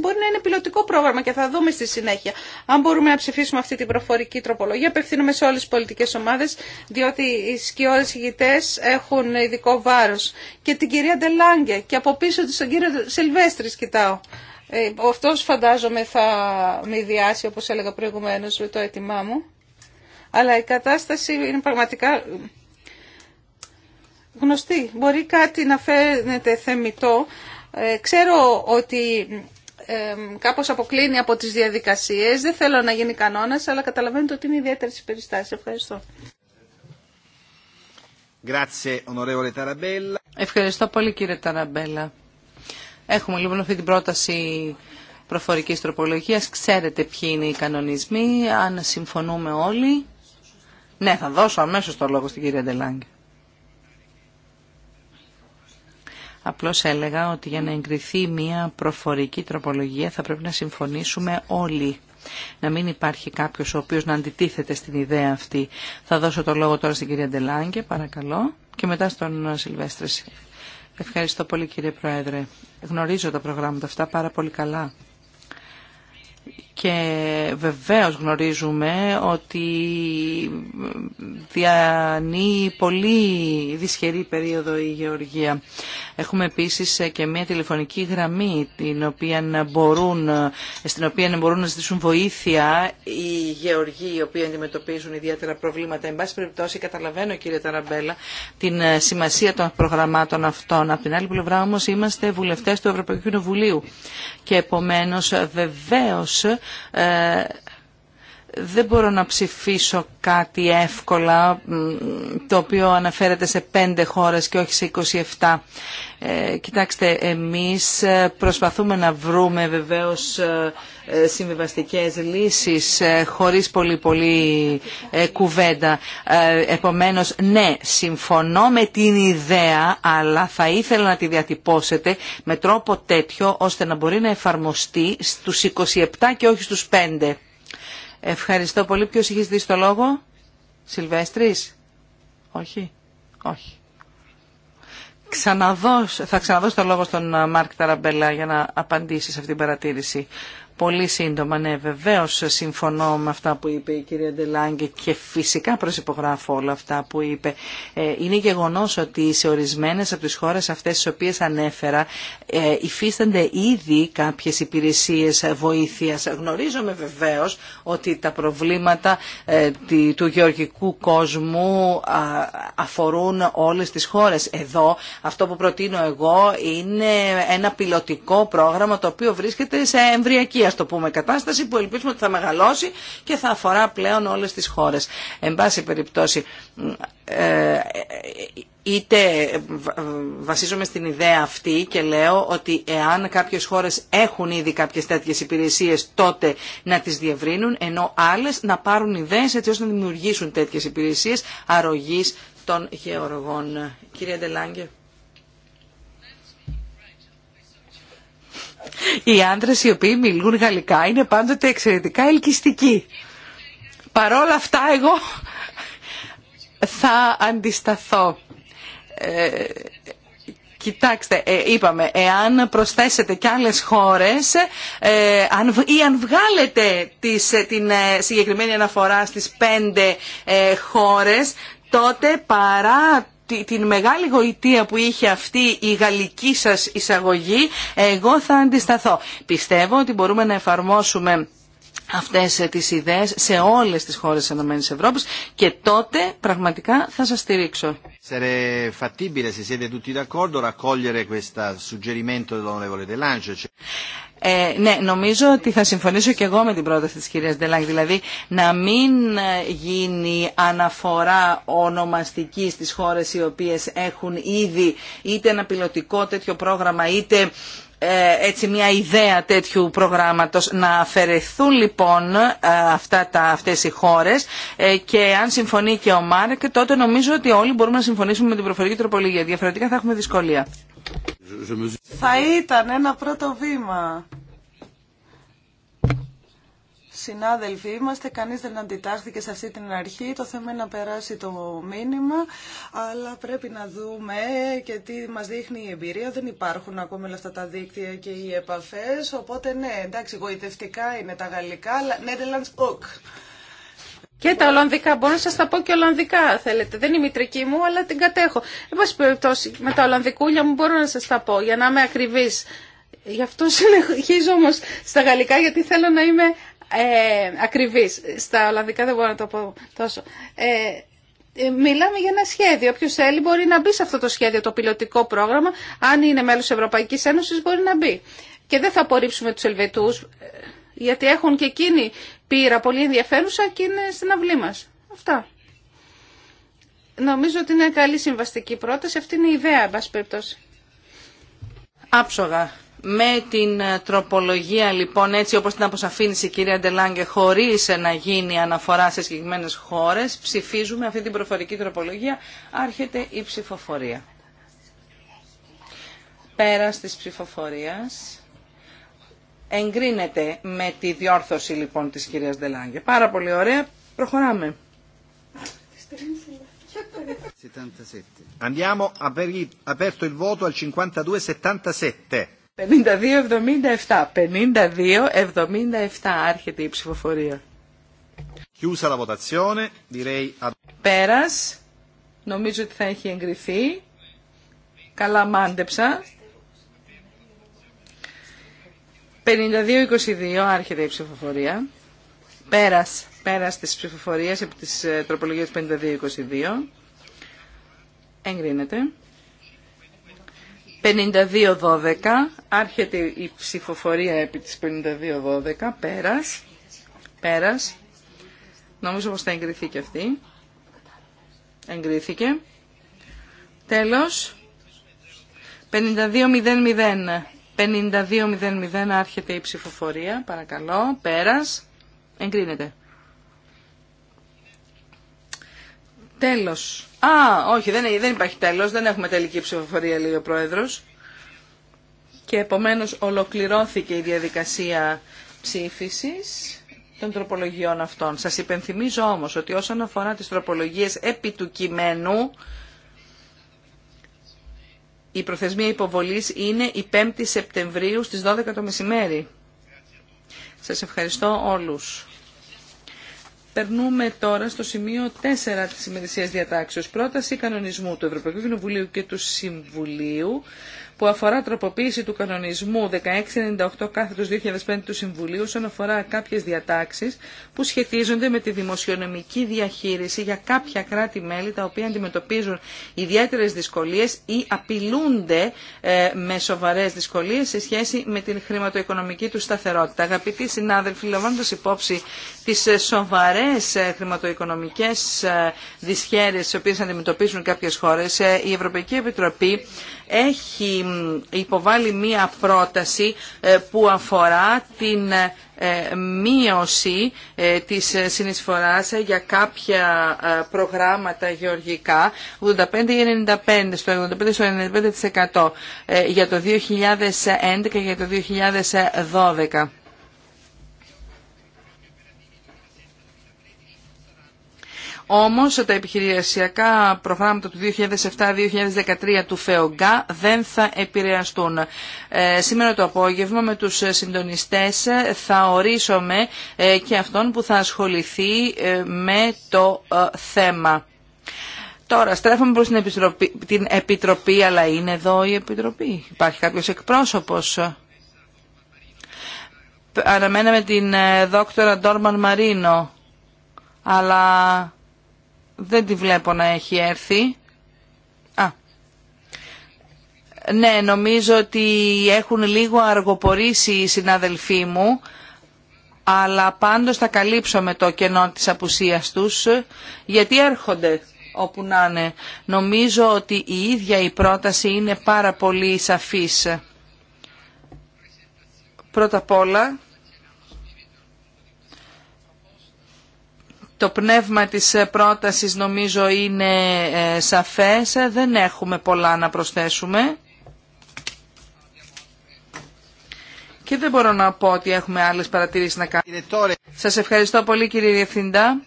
S3: μπορεί να είναι πιλωτικό πρόγραμμα και θα δούμε στη συνέχεια. Αν μπορούμε να ψηφίσουμε αυτή την προφορική τροπολογία, απευθύνομαι σε όλες τις πολιτικές ομάδες, διότι οι σκιώδες ηγητές έχουν ειδικό βάρος. Και την κυρία Ντελάγκε και από πίσω της τον κύριο Σιλβέστρης κοιτάω. Ε, αυτός φαντάζομαι θα με ιδιάσει όπως έλεγα προηγουμένως με το έτοιμά μου. Αλλά η κατάσταση είναι πραγματικά γνωστή. Μπορεί κάτι να φαίνεται θεμητό. Ε, ξέρω ότι ε, κάπως αποκλίνει από τις διαδικασίες. Δεν θέλω να γίνει κανόνας, αλλά καταλαβαίνετε ότι είναι ιδιαίτερη η περιστάσεις. Ευχαριστώ.
S1: Ευχαριστώ πολύ κύριε Ταραμπέλα. Έχουμε λοιπόν αυτή την πρόταση προφορικής τροπολογίας. Ξέρετε ποιοι είναι οι κανονισμοί, αν συμφωνούμε όλοι. Ναι, θα δώσω αμέσως το λόγο στην κυρία Ντελάγκη. Απλώς έλεγα ότι για να εγκριθεί μια προφορική τροπολογία θα πρέπει να συμφωνήσουμε όλοι. Να μην υπάρχει κάποιος ο οποίος να αντιτίθεται στην ιδέα αυτή. Θα δώσω το λόγο τώρα στην κυρία Ντελάνγκε, παρακαλώ, και μετά στον Σιλβέστρη. Ευχαριστώ πολύ κύριε Πρόεδρε. Γνωρίζω τα προγράμματα αυτά πάρα πολύ καλά και βεβαίως γνωρίζουμε ότι διανύει πολύ δυσχερή περίοδο η Γεωργία. Έχουμε επίσης και μια τηλεφωνική γραμμή την οποία μπορούν, στην οποία μπορούν να ζητήσουν βοήθεια οι Γεωργοί οι οποίοι αντιμετωπίζουν ιδιαίτερα προβλήματα. Εν πάση περιπτώσει καταλαβαίνω κύριε Ταραμπέλα την σημασία των προγραμμάτων αυτών. Από την άλλη πλευρά όμως είμαστε βουλευτές του Ευρωπαϊκού Κοινοβουλίου και επομένως βεβαίως ε δεν μπορώ να ψηφίσω κάτι εύκολα το οποίο αναφέρεται σε πέντε χώρες και όχι σε 27. Ε, κοιτάξτε, εμείς προσπαθούμε να βρούμε βεβαίως ε, συμβιβαστικές λύσεις ε, χωρίς πολύ πολύ κουβέντα. Επομένως, ναι, συμφωνώ με την ιδέα, αλλά θα ήθελα να τη διατυπώσετε με τρόπο τέτοιο ώστε να μπορεί να εφαρμοστεί στους 27 και όχι στους 5. Ευχαριστώ πολύ. Ποιος είχε δει στο λόγο? Σιλβέστρης? Όχι. Όχι. θα ξαναδώσω το λόγο στον ε, Μάρκ Ταραμπέλα για να απαντήσει σε αυτή την παρατήρηση. Πολύ σύντομα, ναι, βεβαίω συμφωνώ με αυτά που είπε η κυρία Ντελάγκε και φυσικά προσυπογράφω όλα αυτά που είπε. Ε, είναι γεγονό ότι σε ορισμένε από τι χώρε αυτέ τι οποίε ανέφερα ε, υφίστανται ήδη κάποιε υπηρεσίε βοήθεια. Γνωρίζομαι βεβαίω ότι τα προβλήματα ε, του γεωργικού κόσμου αφορούν όλε τι χώρε. Εδώ αυτό που προτείνω εγώ είναι ένα πιλωτικό πρόγραμμα το οποίο βρίσκεται σε εμβριακή Α το πούμε κατάσταση που ελπίζουμε ότι θα μεγαλώσει και θα αφορά πλέον όλες τις χώρες. Εν πάση περιπτώσει, ε, ε, είτε ε, βασίζομαι στην ιδέα αυτή και λέω ότι εάν κάποιες χώρες έχουν ήδη κάποιες τέτοιες υπηρεσίες τότε να τις διευρύνουν, ενώ άλλες να πάρουν ιδέες έτσι ώστε να δημιουργήσουν τέτοιες υπηρεσίες αρρωγής των γεωργών. Κυρία Ντελάγκε. Οι άντρες οι οποίοι μιλούν γαλλικά είναι πάντοτε εξαιρετικά ελκυστικοί. Παρόλα αυτά εγώ θα αντισταθώ. Ε, Κοιτάξτε, ε, είπαμε, εάν προσθέσετε και άλλες χώρες ε, ή αν βγάλετε τις, ε, την συγκεκριμένη αναφορά στις πέντε ε, χώρες, τότε παρά την μεγάλη γοητεία που είχε αυτή η γαλλική σας εισαγωγή εγώ θα αντισταθώ. Πιστεύω ότι μπορούμε να εφαρμόσουμε αυτές ε, τις ιδέες σε όλες τις χώρες της ΕΕ και τότε πραγματικά θα σας στηρίξω. Ε, ναι, νομίζω ότι θα συμφωνήσω και εγώ με την πρόταση της κυρίας Ντελάγκ. δηλαδή να μην ε, γίνει αναφορά ονομαστική στις χώρες οι οποίες έχουν ήδη είτε ένα πιλωτικό τέτοιο πρόγραμμα, είτε ε, έτσι μια ιδέα τέτοιου προγράμματος. Να αφαιρεθούν λοιπόν ε, αυτά τα, αυτές οι χώρες ε, και αν συμφωνεί και ο Μάρκ τότε νομίζω ότι όλοι μπορούμε να συμφωνήσουμε με την προφορική τροπολογία. Διαφορετικά θα έχουμε δυσκολία.
S2: Θα ήταν ένα πρώτο βήμα συνάδελφοι είμαστε, κανείς δεν αντιτάχθηκε σε αυτή την αρχή, το θέμα είναι να περάσει το μήνυμα, αλλά πρέπει να δούμε και τι μας δείχνει η εμπειρία, δεν υπάρχουν ακόμα όλα αυτά τα δίκτυα και οι επαφές, οπότε ναι, εντάξει, γοητευτικά είναι τα γαλλικά, αλλά Netherlands OK.
S3: Και τα Ολλανδικά, μπορώ να σα τα πω και Ολλανδικά θέλετε. Δεν είναι η μητρική μου, αλλά την κατέχω. Εν πάση περιπτώσει, με τα Ολλανδικούλια μου μπορώ να σα τα πω για να είμαι ακριβή. Γι' αυτό συνεχίζω όμω στα γαλλικά, γιατί θέλω να είμαι ε, ακριβής. Στα Ολλανδικά δεν μπορώ να το πω τόσο. Ε, ε, μιλάμε για ένα σχέδιο. Όποιο θέλει μπορεί να μπει σε αυτό το σχέδιο, το πιλωτικό πρόγραμμα. Αν είναι μέλο Ευρωπαϊκή Ένωση, μπορεί να μπει. Και δεν θα απορρίψουμε του Ελβετού, ε, γιατί έχουν και εκείνη πείρα πολύ ενδιαφέρουσα και είναι στην αυλή μα. Αυτά. Νομίζω ότι είναι καλή συμβαστική πρόταση. Αυτή είναι η ιδέα, εν περιπτώσει.
S1: Άψογα με την ε, τροπολογία λοιπόν έτσι όπως την αποσαφήνισε η κυρία Ντελάνγκε, χωρίς να γίνει αναφορά σε συγκεκριμένες χώρες ψηφίζουμε αυτή την προφορική τροπολογία άρχεται η ψηφοφορία. Πέρας της ψηφοφορίας εγκρίνεται με τη διόρθωση λοιπόν της κυρίας Ντελάνγκε. Πάρα πολύ ωραία. Προχωράμε. Andiamo aperto il voto al 52-77. 52-77 άρχεται η ψηφοφορία. Chiusa la votazione, direi... Πέρας, νομίζω ότι θα έχει εγκριθεί. Καλά μάντεψα. 52-22 άρχεται η ψηφοφορία. Πέρας, πέρας της ψηφοφορίας από της ε, τροπολογίας 52-22. Εγκρίνεται. 52-12, άρχεται η ψηφοφορία επί της 52-12, πέρας, πέρας, νομίζω πως θα εγκριθεί και αυτή, εγκρίθηκε, τέλος, 52-00, 52-00 άρχεται η ψηφοφορία, παρακαλώ, πέρας, εγκρίνεται. Τέλος. Α, όχι, δεν, δεν υπάρχει τέλος, δεν έχουμε τελική ψηφοφορία, λέει ο Πρόεδρος. Και επομένως ολοκληρώθηκε η διαδικασία ψήφιση των τροπολογιών αυτών. Σας υπενθυμίζω όμως ότι όσον αφορά τι τροπολογίες επί του κειμένου, η προθεσμία υποβολής είναι η 5η Σεπτεμβρίου στις 12 το μεσημέρι. Σας ευχαριστώ όλους. Περνούμε τώρα στο σημείο 4 της ημερησίας διατάξεως. Πρόταση κανονισμού του Ευρωπαϊκού Κοινοβουλίου και του Συμβουλίου που αφορά τροποποίηση του κανονισμού 1698 κάθετο 2005 του Συμβουλίου όσον αφορά κάποιε διατάξει που σχετίζονται με τη δημοσιονομική διαχείριση για κάποια κράτη-μέλη τα οποία αντιμετωπίζουν ιδιαίτερε δυσκολίε ή απειλούνται ε, με σοβαρέ δυσκολίε σε σχέση με την χρηματοοικονομική του σταθερότητα. Αγαπητοί συνάδελφοι, λαμβάνοντα υπόψη τις ε, σοβαρές ε, χρηματοοικονομικές δυσχέρειες τις οποίε αντιμετωπίζουν κάποιε χώρε, η Ευρωπαϊκή Επιτροπή έχει υποβάλει μία πρόταση ε, που αφορά την ε, ε, μείωση της συνεισφοράς για κάποια προγράμματα γεωργικά 85 ή 95 στο 85 στο 95% για το 2011 και για το 2012. Όμως τα επιχειρησιακά προγράμματα του 2007-2013 του ΦΕΟΓΚΑ δεν θα επηρεαστούν. Ε, σήμερα το απόγευμα με τους συντονιστές θα ορίσουμε ε, και αυτόν που θα ασχοληθεί ε, με το θέμα. Τώρα, στρέφουμε προς την Επιτροπή, αλλά είναι εδώ η Επιτροπή. Υπάρχει κάποιος εκπρόσωπος. Αναμέναμε την δόκτωρα Ντόρμαν Μαρίνο, αλλά δεν τη βλέπω να έχει έρθει. Α. Ναι, νομίζω ότι έχουν λίγο αργοπορήσει οι συναδελφοί μου, αλλά πάντως θα καλύψω με το κενό της απουσίας τους, γιατί έρχονται όπου να είναι. Νομίζω ότι η ίδια η πρόταση είναι πάρα πολύ σαφής. Πρώτα απ' όλα, Το πνεύμα της ε, πρότασης νομίζω είναι ε, σαφές. Δεν έχουμε πολλά να προσθέσουμε. Και δεν μπορώ να πω ότι έχουμε άλλες παρατηρήσεις να κάνουμε. Σας ευχαριστώ πολύ κύριε Διευθυντά.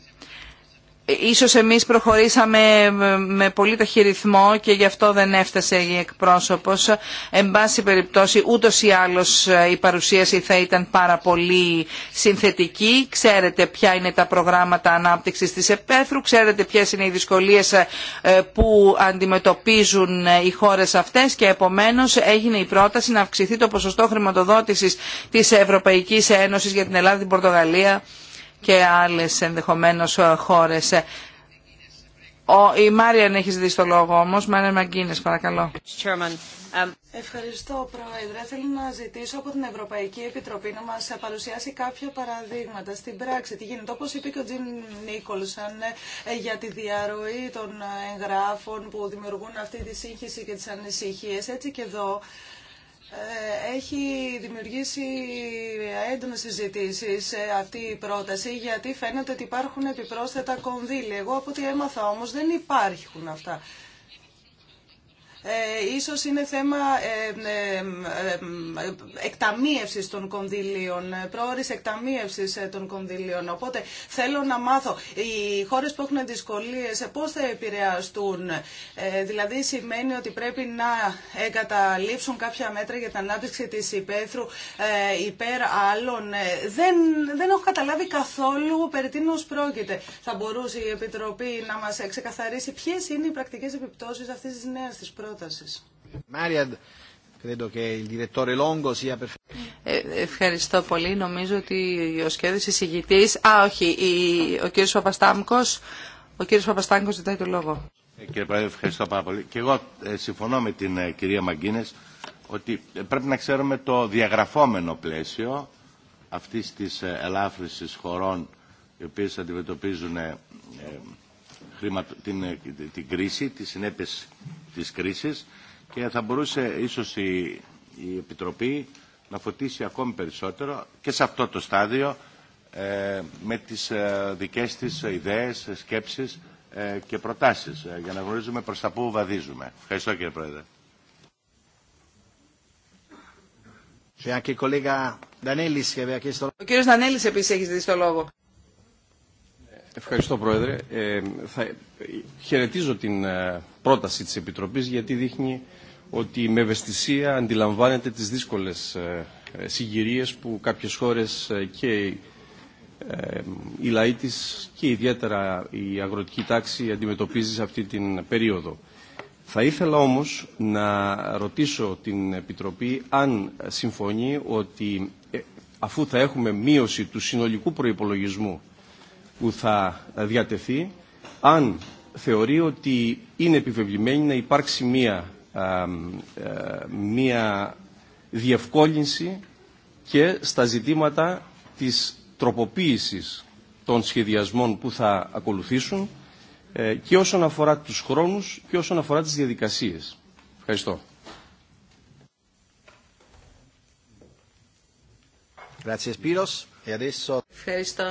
S1: Ίσως εμείς προχωρήσαμε με πολύ ταχυριθμό και γι' αυτό δεν έφτασε η εκπρόσωπος. Εν πάση περιπτώσει ούτως ή άλλως ε, η παρουσίαση θα ήταν πάρα πολύ συνθετική. Ξέρετε ποια είναι τα προγράμματα ανάπτυξης της επέθρου, ξέρετε ποιες είναι οι δυσκολίες ε, που αντιμετωπίζουν ε, οι χώρες αυτές και επομένως έγινε η πρόταση να αυξηθεί το ποσοστό χρηματοδότησης της Ευρωπαϊκής Ένωσης για την Ελλάδα, την Πορτογαλία και άλλες ενδεχομένως ε, χώρες. Ε, ο, η Μάριαν έχει ζητήσει το λόγο όμω, Μάριαν Μαγκίνε, παρακαλώ.
S3: Um,
S2: Ευχαριστώ, Πρόεδρε. Θέλω να ζητήσω από την Ευρωπαϊκή Επιτροπή να μα παρουσιάσει κάποια παραδείγματα στην πράξη. Τι γίνεται, όπω είπε και ο Τζιν Νίκολσον, ε, για τη διαρροή των εγγράφων που δημιουργούν αυτή τη σύγχυση και τι ανησυχίε, Έτσι και εδώ ε, έχει δημιουργήσει έντονε συζητήσει ε, αυτή η πρόταση γιατί φαίνεται ότι υπάρχουν επιπρόσθετα κονδύλια. Εγώ από ό,τι έμαθα όμω, δεν υπάρχουν αυτά ε, ίσως είναι θέμα ε, ε, ε, εκταμίευσης των κονδυλίων, πρόορης εκταμίευσης των κονδυλίων. Οπότε θέλω να μάθω, οι χώρες που έχουν δυσκολίες πώς θα επηρεαστούν. δηλαδή σημαίνει ότι πρέπει να εγκαταλείψουν κάποια μέτρα για την ανάπτυξη της υπαίθρου υπέρ άλλων. δεν, δεν έχω καταλάβει καθόλου περί τίνος πρόκειται. Θα μπορούσε η Επιτροπή να μας ξεκαθαρίσει ποιες είναι οι πρακτικές επιπτώσεις αυτής της νέας της πρότασης.
S1: Ε, ευχαριστώ πολύ. Νομίζω ότι ο σχέδιος εισηγητής... Α, όχι, η, ο κύριος Παπαστάμκος. Ο κύριος Παπαστάμκος ζητάει το λόγο.
S3: Ε, κύριε Πρόεδρε, ευχαριστώ πάρα πολύ. Και εγώ ε, συμφωνώ με την ε, κυρία Μαγκίνες ότι ε, πρέπει να ξέρουμε το διαγραφόμενο πλαίσιο αυτής της ελάφρυσης χωρών οι οποίε αντιμετωπίζουν ε, την, κρίση, τις συνέπειες της κρίσης και θα μπορούσε ίσως η, Επιτροπή να φωτίσει ακόμη περισσότερο και σε αυτό το στάδιο ε, με τις ε, δικές της ιδέες, σκέψεις ε, και προτάσεις για να γνωρίζουμε προς τα πού βαδίζουμε. Ευχαριστώ κύριε Πρόεδρε.
S1: Ο κύριος Δανέλης επίσης έχει δει το λόγο.
S3: Ευχαριστώ Πρόεδρε. Ε, θα χαιρετίζω την ε, πρόταση της Επιτροπής γιατί δείχνει ότι με ευαισθησία αντιλαμβάνεται τις δύσκολες ε, συγκυρίες που κάποιες χώρες και η λαοί της και ιδιαίτερα η αγροτική τάξη αντιμετωπίζει σε αυτή την περίοδο. Θα ήθελα όμως να ρωτήσω την Επιτροπή αν συμφωνεί ότι αφού θα έχουμε μείωση του συνολικού προϋπολογισμού που θα διατεθεί αν θεωρεί ότι είναι επιβεβλημένη να υπάρξει μία, ε, μία διευκόλυνση και στα ζητήματα της τροποποίησης των σχεδιασμών που θα ακολουθήσουν ε, και όσον αφορά τους χρόνους και όσον αφορά τις διαδικασίες. Ευχαριστώ. Ευχαριστώ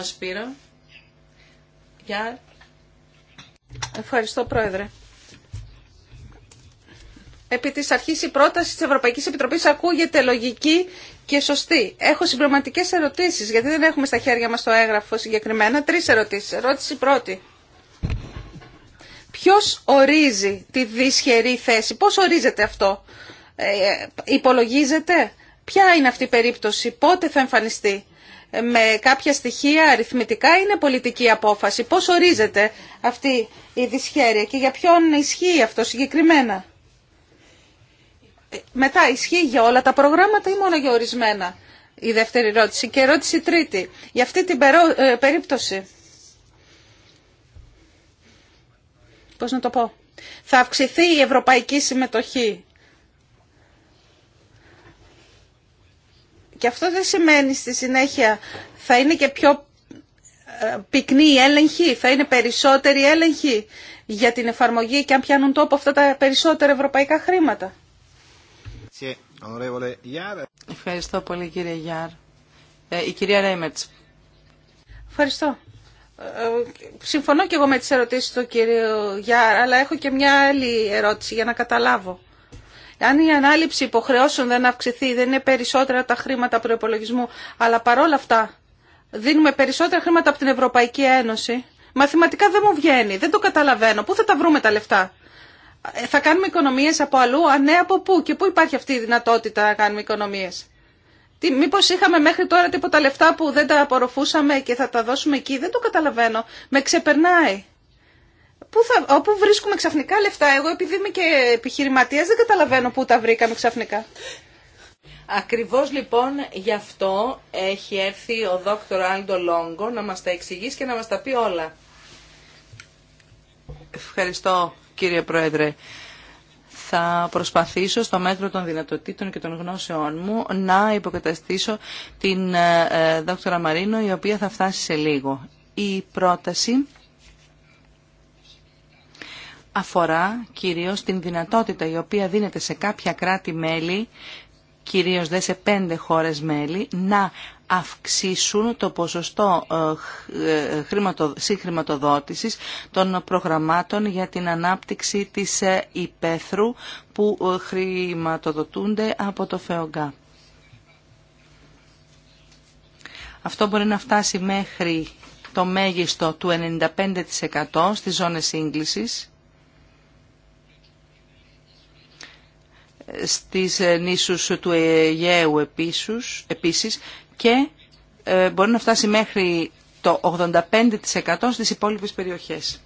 S3: Σπύρο. Ευχαριστώ, Πρόεδρε. Επί της αρχής η πρόταση της Ευρωπαϊκής Επιτροπής ακούγεται λογική και σωστή. Έχω συμπληρωματικέ ερωτήσεις, γιατί δεν έχουμε στα χέρια μας το έγγραφο συγκεκριμένα. Τρεις ερωτήσεις. Ερώτηση πρώτη. Ποιος ορίζει τη δυσχερή θέση, πώς ορίζεται αυτό, ε, ε υπολογίζεται, ποια είναι αυτή η περίπτωση, πότε θα εμφανιστεί με κάποια στοιχεία αριθμητικά είναι πολιτική απόφαση. Πώς ορίζεται αυτή η δυσχέρεια και για ποιον ισχύει αυτό συγκεκριμένα. Μετά ισχύει για όλα τα προγράμματα ή μόνο για ορισμένα η δεύτερη ερώτηση. Και ερώτηση τρίτη. Για αυτή την ε, περίπτωση. Πώς να το πω. Θα αυξηθεί η ευρωπαϊκή συμμετοχή Και αυτό δεν σημαίνει στη συνέχεια θα είναι και πιο ε, πυκνή η έλεγχη, θα είναι περισσότερη έλεγχη για την εφαρμογή και αν πιάνουν τόπο αυτά τα περισσότερα ευρωπαϊκά χρήματα.
S1: Ευχαριστώ πολύ κύριε Γιάρ. Ε, η κυρία
S3: Ρέιμετς. Ευχαριστώ. Ε, συμφωνώ και εγώ με τις ερωτήσεις του κυρίου Γιάρ, αλλά έχω και μια άλλη ερώτηση για να καταλάβω. Αν η ανάληψη υποχρεώσεων δεν αυξηθεί, δεν είναι περισσότερα τα χρήματα προπολογισμού, αλλά παρόλα αυτά δίνουμε περισσότερα χρήματα από την Ευρωπαϊκή Ένωση, μαθηματικά δεν μου βγαίνει, δεν το καταλαβαίνω. Πού θα τα βρούμε τα λεφτά. Ε, θα κάνουμε οικονομίες από αλλού, αν ναι από πού και πού υπάρχει αυτή η δυνατότητα να κάνουμε οικονομίες. Τι, μήπως είχαμε μέχρι τώρα τίποτα λεφτά που δεν τα απορροφούσαμε και θα τα δώσουμε εκεί, δεν το καταλαβαίνω. Με ξεπερνάει. Πού θα, όπου βρίσκουμε ξαφνικά λεφτά. Εγώ επειδή είμαι και επιχειρηματίας δεν καταλαβαίνω πού τα βρήκαμε ξαφνικά.
S1: Ακριβώς λοιπόν γι' αυτό έχει έρθει ο δόκτωρ Άλντο Λόγκο να μας τα εξηγήσει και να μας τα πει όλα. Ευχαριστώ κύριε Πρόεδρε. Θα προσπαθήσω στο μέτρο των δυνατοτήτων και των γνώσεών μου να υποκαταστήσω την ε, ε, δόκτωρα Μαρίνο η οποία θα φτάσει σε λίγο. Η πρόταση αφορά κυρίως την δυνατότητα η οποία δίνεται σε κάποια κράτη-μέλη, κυρίως δεν σε πέντε χώρες-μέλη, να αυξήσουν το ποσοστό ε, ε, συγχρηματοδότησης των προγραμμάτων για την ανάπτυξη της ε, υπαίθρου που χρηματοδοτούνται από το ΦΕΟΓΑ. Αυτό μπορεί να φτάσει μέχρι το μέγιστο του 95% στις ζώνες σύγκλησης στις ε, νήσους του Αιγαίου επίσης, επίσης και ε, μπορεί να φτάσει μέχρι το 85% στις υπόλοιπες περιοχές.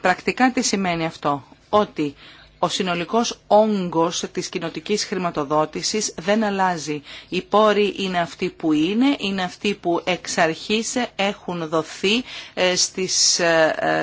S1: Πρακτικά τι σημαίνει αυτό, ότι ο συνολικός όγκος της κοινοτικής χρηματοδότησης δεν αλλάζει. Οι πόροι είναι αυτοί που είναι, είναι αυτοί που εξ αρχής έχουν δοθεί ε, στις,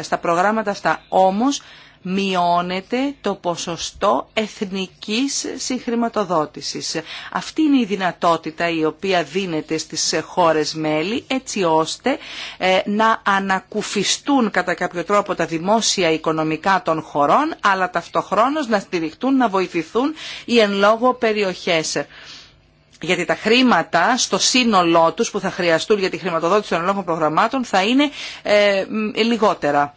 S1: στα προγράμματα αυτά. Όμως μειώνεται το ποσοστό εθνικής συγχρηματοδότησης. Αυτή είναι η δυνατότητα η οποία δίνεται στις χώρες μέλη έτσι ώστε ε, να ανακουφιστούν κατά κάποιο τρόπο τα δημόσια οικονομικά των χωρών αλλά ταυτοχρόνως να στηριχτούν, να βοηθηθούν οι εν λόγω περιοχές γιατί τα χρήματα στο σύνολό τους που θα χρειαστούν για τη χρηματοδότηση των ελόγων προγραμμάτων θα είναι ε, λιγότερα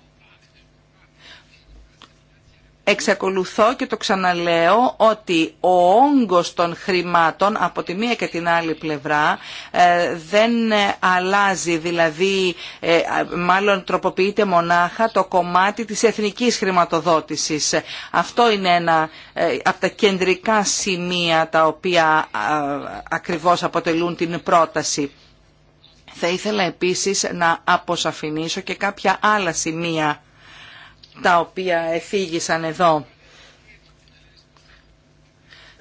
S1: εξακολουθώ και το ξαναλέω ότι ο όγκος των χρημάτων από τη μία και την άλλη πλευρά ε, δεν ε, αλλάζει, δηλαδή ε, μάλλον τροποποιείται μονάχα το κομμάτι της εθνικής χρηματοδότησης. Αυτό είναι ένα από τα κεντρικά σημεία τα οποία ακριβώς αποτελούν την πρόταση. Θα ήθελα επίσης να αποσαφηνίσω και κάποια άλλα σημεία τα οποία εφήγησαν εδώ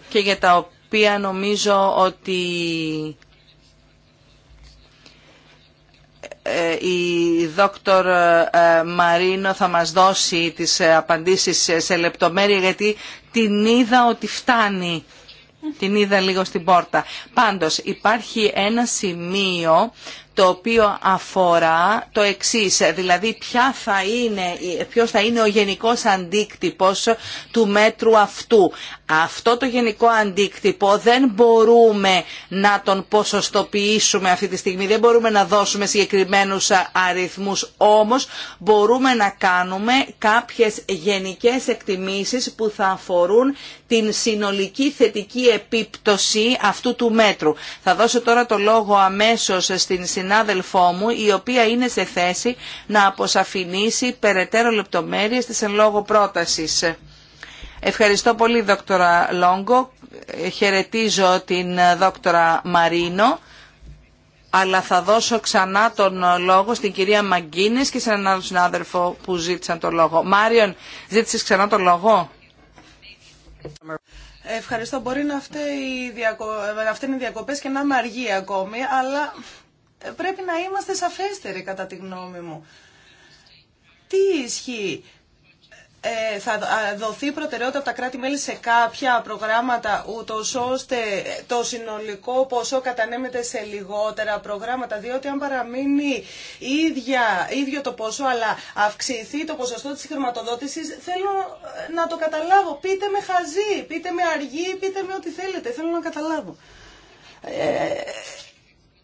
S1: και για τα οποία νομίζω ότι ε, η δόκτωρ ε, Μαρίνο θα μας δώσει τις ε, απαντήσεις σε λεπτομέρεια γιατί την είδα ότι φτάνει. Την είδα λίγο στην πόρτα. Πάντως υπάρχει ένα σημείο το οποίο αφορά το εξής, δηλαδή ποια θα είναι, ποιος θα είναι ο γενικός αντίκτυπος του μέτρου αυτού. Αυτό το γενικό αντίκτυπο δεν μπορούμε να τον ποσοστοποιήσουμε αυτή τη στιγμή, δεν μπορούμε να δώσουμε συγκεκριμένους αριθμούς, όμως μπορούμε να κάνουμε κάποιες γενικές εκτιμήσεις που θα αφορούν την συνολική θετική επίπτωση αυτού του μέτρου. Θα δώσω τώρα το λόγο αμέσως στην συνάδελφό μου η οποία είναι σε θέση να αποσαφηνίσει περαιτέρω λεπτομέρειες της εν λόγω πρότασης. Ευχαριστώ πολύ δόκτωρα Λόγκο, χαιρετίζω την ε, δόκτωρα Μαρίνο αλλά θα δώσω ξανά τον ε, λόγο στην κυρία Μαγκίνες και σε έναν άλλο συνάδελφο που ζήτησαν τον λόγο. Μάριον, ζήτησες ξανά τον λόγο.
S2: Ευχαριστώ. Μπορεί να ε, αυτή οι διακοπές και να είμαι αργή ακόμη, αλλά πρέπει να είμαστε σαφέστεροι κατά τη γνώμη μου. Τι ισχύει. Ε, θα δοθεί προτεραιότητα από τα κράτη-μέλη σε κάποια προγράμματα ούτως ώστε το συνολικό ποσό κατανέμεται σε λιγότερα προγράμματα διότι αν παραμείνει ίδια, ίδιο το ποσό αλλά αυξηθεί το ποσοστό της χρηματοδότησης θέλω ε, να το καταλάβω. Πείτε με χαζή, πείτε με αργή, πείτε με ό,τι θέλετε. Θέλω να καταλάβω. Ε,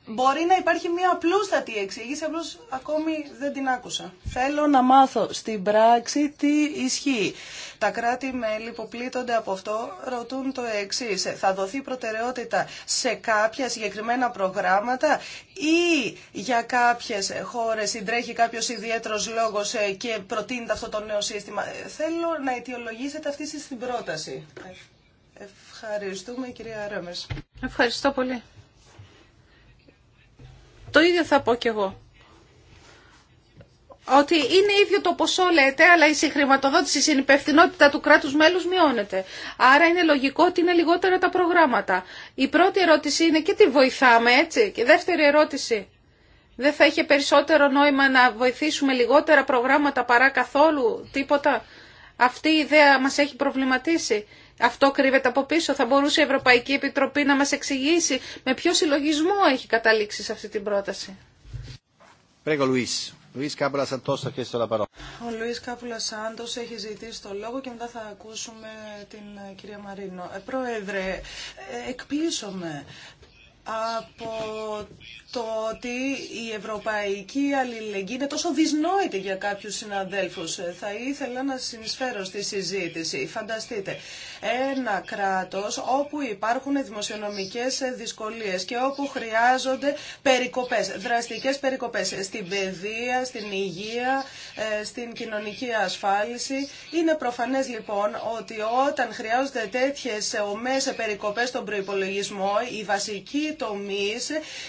S2: Μπορεί να υπάρχει μια απλούστατη εξήγηση, απλώ ακόμη δεν την άκουσα. Θέλω να μάθω στην πράξη τι ισχύει. Τα κράτη-μέλη που πλήττονται από αυτό ρωτούν το εξή. Θα δοθεί προτεραιότητα σε κάποια συγκεκριμένα προγράμματα ή για κάποιε χώρε συντρέχει κάποιο ιδιαίτερο λόγο ε, και προτείνεται αυτό το νέο σύστημα. Ε, θέλω να αιτιολογήσετε αυτή στην πρόταση.
S3: Ευχαριστούμε, κυρία Ρέμε. Ευχαριστώ πολύ. Το ίδιο θα πω κι εγώ. Ότι είναι ίδιο το ποσό λέτε, αλλά η συγχρηματοδότηση, η συνυπευθυνότητα του κράτου μέλους μειώνεται. Άρα είναι λογικό ότι είναι λιγότερα τα προγράμματα. Η πρώτη ερώτηση είναι και τι βοηθάμε, έτσι. Και η δεύτερη ερώτηση, δεν θα είχε περισσότερο νόημα να βοηθήσουμε λιγότερα προγράμματα παρά καθόλου τίποτα. Αυτή η ιδέα μας έχει προβληματίσει. Αυτό κρύβεται από πίσω. Θα μπορούσε η Ευρωπαϊκή Επιτροπή να μας εξηγήσει με ποιο συλλογισμό έχει καταλήξει σε αυτή την πρόταση. Λουίς. Λουίς Κάπουλα Σαντός, Ο Λουίς
S2: Κάπουλα Σάντος έχει ζητήσει το λόγο και μετά θα ακούσουμε την ε, κυρία Μαρίνο. Ε, πρόεδρε, ε, εκπλήσωμαι από το ότι η ευρωπαϊκή αλληλεγγύη είναι τόσο δυσνόητη για κάποιους συναδέλφους. Θα ήθελα να συνεισφέρω στη συζήτηση. Φανταστείτε, ένα κράτος όπου υπάρχουν δημοσιονομικές δυσκολίες και όπου χρειάζονται περικοπές, δραστικές περικοπές στην παιδεία, στην υγεία, ε, στην κοινωνική ασφάλιση. Είναι προφανές λοιπόν ότι όταν χρειάζονται τέτοιες ομές περικοπές στον προϋπολογισμό, η βασική τομή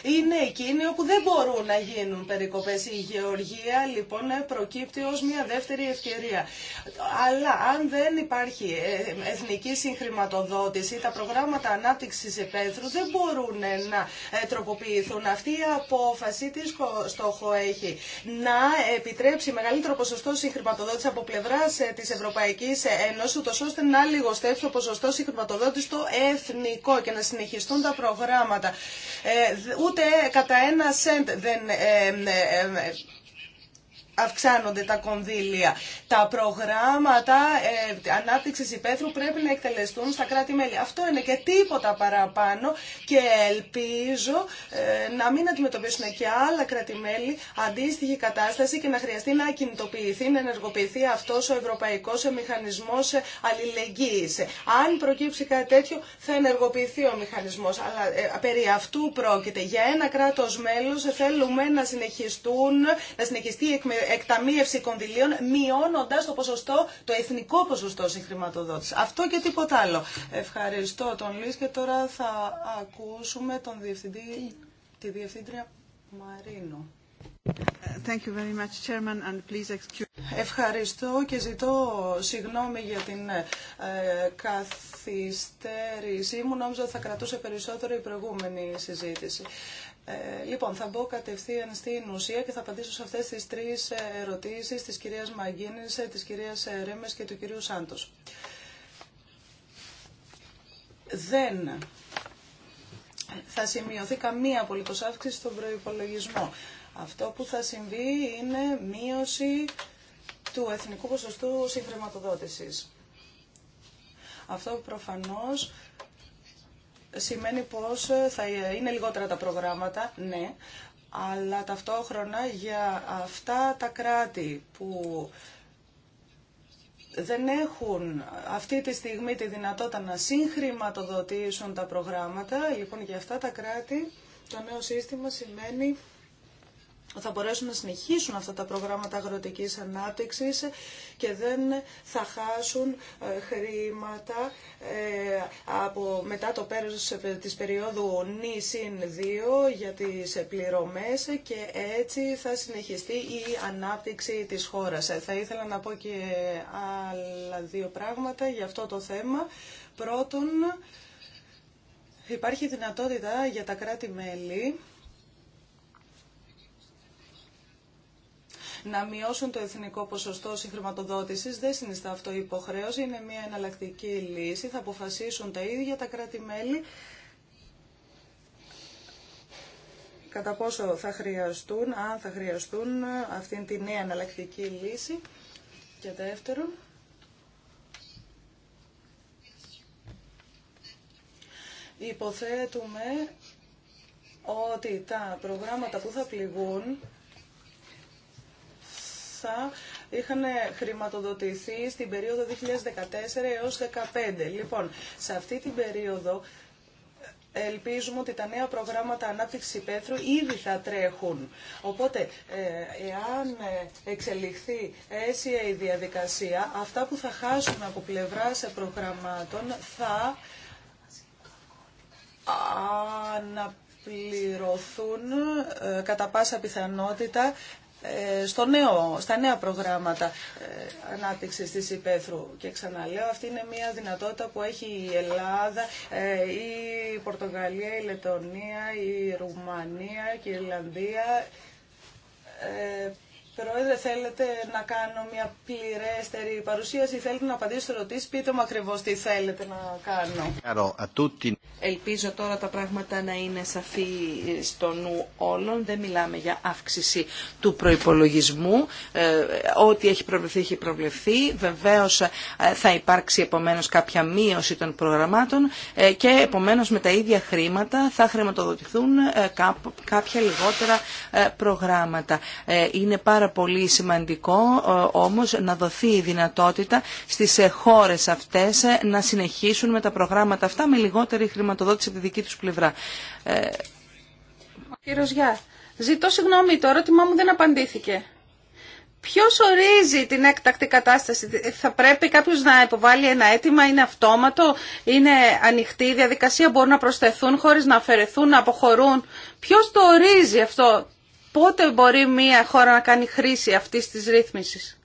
S2: είναι εκείνοι όπου δεν μπορούν να γίνουν περικοπές. Η γεωργία λοιπόν προκύπτει ως μια δεύτερη ευκαιρία. Αλλά αν δεν υπάρχει ε, εθνική συγχρηματοδότηση, τα προγράμματα ανάπτυξης επέθρου δεν μπορούν ε, να ε, τροποποιηθούν. Αυτή η απόφαση τι στόχο έχει να επιτρέψει μεγαλύτερο ποσοστό συγχρηματοδότηση από πλευρά τη Ευρωπαϊκή Ένωση, ούτω ώστε να λιγοστεύσει το ποσοστό συγχρηματοδότηση στο εθνικό και να συνεχιστούν τα προγράμματα. Ούτε Κατά ένα σεντ δεν ε, ε, ε, αυξάνονται τα κονδύλια. Τα προγράμματα ε, ανάπτυξης υπαίθρου πρέπει να εκτελεστούν στα κράτη-μέλη. Αυτό είναι και τίποτα παραπάνω και ελπίζω ε, να μην αντιμετωπίσουν και άλλα κράτη-μέλη αντίστοιχη κατάσταση και να χρειαστεί να κινητοποιηθεί, να ενεργοποιηθεί αυτός ο ευρωπαϊκός μηχανισμός αλληλεγγύης. Αν προκύψει κάτι τέτοιο θα ενεργοποιηθεί ο μηχανισμός. Αλλά ε, περί αυτού πρόκειται. Για ένα κράτος μέλος θέλουμε να, συνεχιστούν, να συνεχιστεί η εκμε εκταμείευση κονδυλίων μειώνοντα το ποσοστό, το εθνικό ποσοστό συγχρηματοδότηση. Αυτό και τίποτα άλλο. Ευχαριστώ τον Λύ και τώρα θα ακούσουμε τον διευθυντή, τη διευθύντρια Μαρίνο. Thank you very much, Chairman, and please excuse... Ευχαριστώ και ζητώ συγγνώμη για την ε, καθυστέρησή μου. Νόμιζα ότι θα κρατούσε περισσότερο η προηγούμενη συζήτηση. Ε, λοιπόν, θα μπω κατευθείαν στην ουσία και θα απαντήσω σε αυτές τις τρεις ε, ερωτήσεις της κυρίας Μαγκίνης, ε, της κυρίας Ρέμες και του κυρίου Σάντος. Δεν θα σημειωθεί καμία απολύτως αύξηση στον προϋπολογισμό. Αυτό που θα συμβεί είναι μείωση του εθνικού ποσοστού συγχρηματοδότησης. Αυτό προφανώς σημαίνει πως θα είναι λιγότερα τα προγράμματα, ναι, αλλά ταυτόχρονα για αυτά τα κράτη που δεν έχουν αυτή τη στιγμή τη δυνατότητα να συγχρηματοδοτήσουν τα προγράμματα, λοιπόν για αυτά τα κράτη το νέο σύστημα σημαίνει θα μπορέσουν να συνεχίσουν αυτά τα προγράμματα αγροτικής ανάπτυξης και δεν θα χάσουν ε, χρήματα ε, από, μετά το πέρας της περίοδου νη συν 2 για τις πληρωμές και έτσι θα συνεχιστεί η ανάπτυξη της χώρας. Ε, θα ήθελα να πω και άλλα δύο πράγματα για αυτό το θέμα. Πρώτον, υπάρχει δυνατότητα για τα κράτη-μέλη να μειώσουν το εθνικό ποσοστό συγχρηματοδότηση. Δεν συνιστά αυτό η υποχρέωση. Είναι μια εναλλακτική λύση. Θα αποφασίσουν τα ίδια τα κράτη-μέλη κατά πόσο θα χρειαστούν, αν θα χρειαστούν αυτήν τη νέα εναλλακτική λύση. Και δεύτερον, υποθέτουμε ότι τα προγράμματα που θα πληγούν θα είχαν χρηματοδοτηθεί στην περίοδο 2014 έως 2015. Λοιπόν, σε αυτή την περίοδο ελπίζουμε ότι τα νέα προγράμματα ανάπτυξη υπαίθρου ήδη θα τρέχουν. Οπότε, ε, εάν εξελιχθεί αίσια η διαδικασία, αυτά που θα χάσουν από πλευρά σε προγραμμάτων θα αναπληρωθούν ε, κατά πάσα πιθανότητα ε, στο νέο, στα νέα προγράμματα ε, ανάπτυξης της Υπέθρου. Και ξαναλέω, αυτή είναι μια δυνατότητα που έχει η Ελλάδα, ε, η Πορτογαλία, η Λετωνία, η Ρουμανία και η Ιρλανδία. Πρόεδρε, θέλετε να κάνω μια πληρέστερη παρουσίαση, θέλετε να απαντήσω ρωτής πείτε μου ακριβώς τι θέλετε να κάνω. Ελπίζω τώρα τα πράγματα να είναι σαφή στο νου όλων.
S1: Δεν μιλάμε για αύξηση του προϋπολογισμού. Ε, ό,τι έχει προβλεφθεί, έχει προβλεφθεί. Βεβαίως ε, θα υπάρξει επομένως κάποια μείωση των προγραμμάτων ε, και επομένως με τα ίδια χρήματα θα χρηματοδοτηθούν κάποια λιγότερα προγράμματα. Είναι πάρα πολύ σημαντικό όμως να δοθεί η δυνατότητα στις χώρες αυτές να συνεχίσουν με τα προγράμματα αυτά με λιγότερη χρηματοδότηση χρηματοδότηση από τη δική τους πλευρά. Ε...
S3: Ο ζητώ συγγνώμη, το ερώτημά μου δεν απαντήθηκε. Ποιο ορίζει την έκτακτη κατάσταση, θα πρέπει κάποιο να υποβάλει ένα αίτημα, είναι αυτόματο, είναι ανοιχτή η διαδικασία, μπορούν να προσθεθούν χωρίς να αφαιρεθούν, να αποχωρούν. Ποιο το ορίζει αυτό, πότε μπορεί μια χώρα να κάνει χρήση αυτή τη ρύθμιση.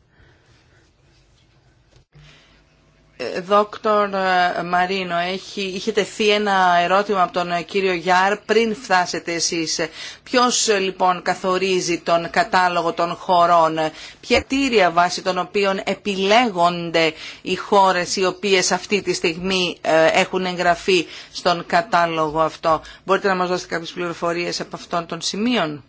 S1: Δόκτωρ ε, Μαρίνο, έχει, είχε τεθεί ένα ερώτημα από τον ε, κύριο Γιάρ πριν φτάσετε εσείς. Ποιος ε, λοιπόν καθορίζει τον κατάλογο των χωρών, ποια τήρια βάση των οποίων επιλέγονται οι χώρες οι οποίες αυτή τη στιγμή έχουν εγγραφεί στον κατάλογο αυτό. Μπορείτε να μας δώσετε κάποιες πληροφορίες από αυτών των σημείων.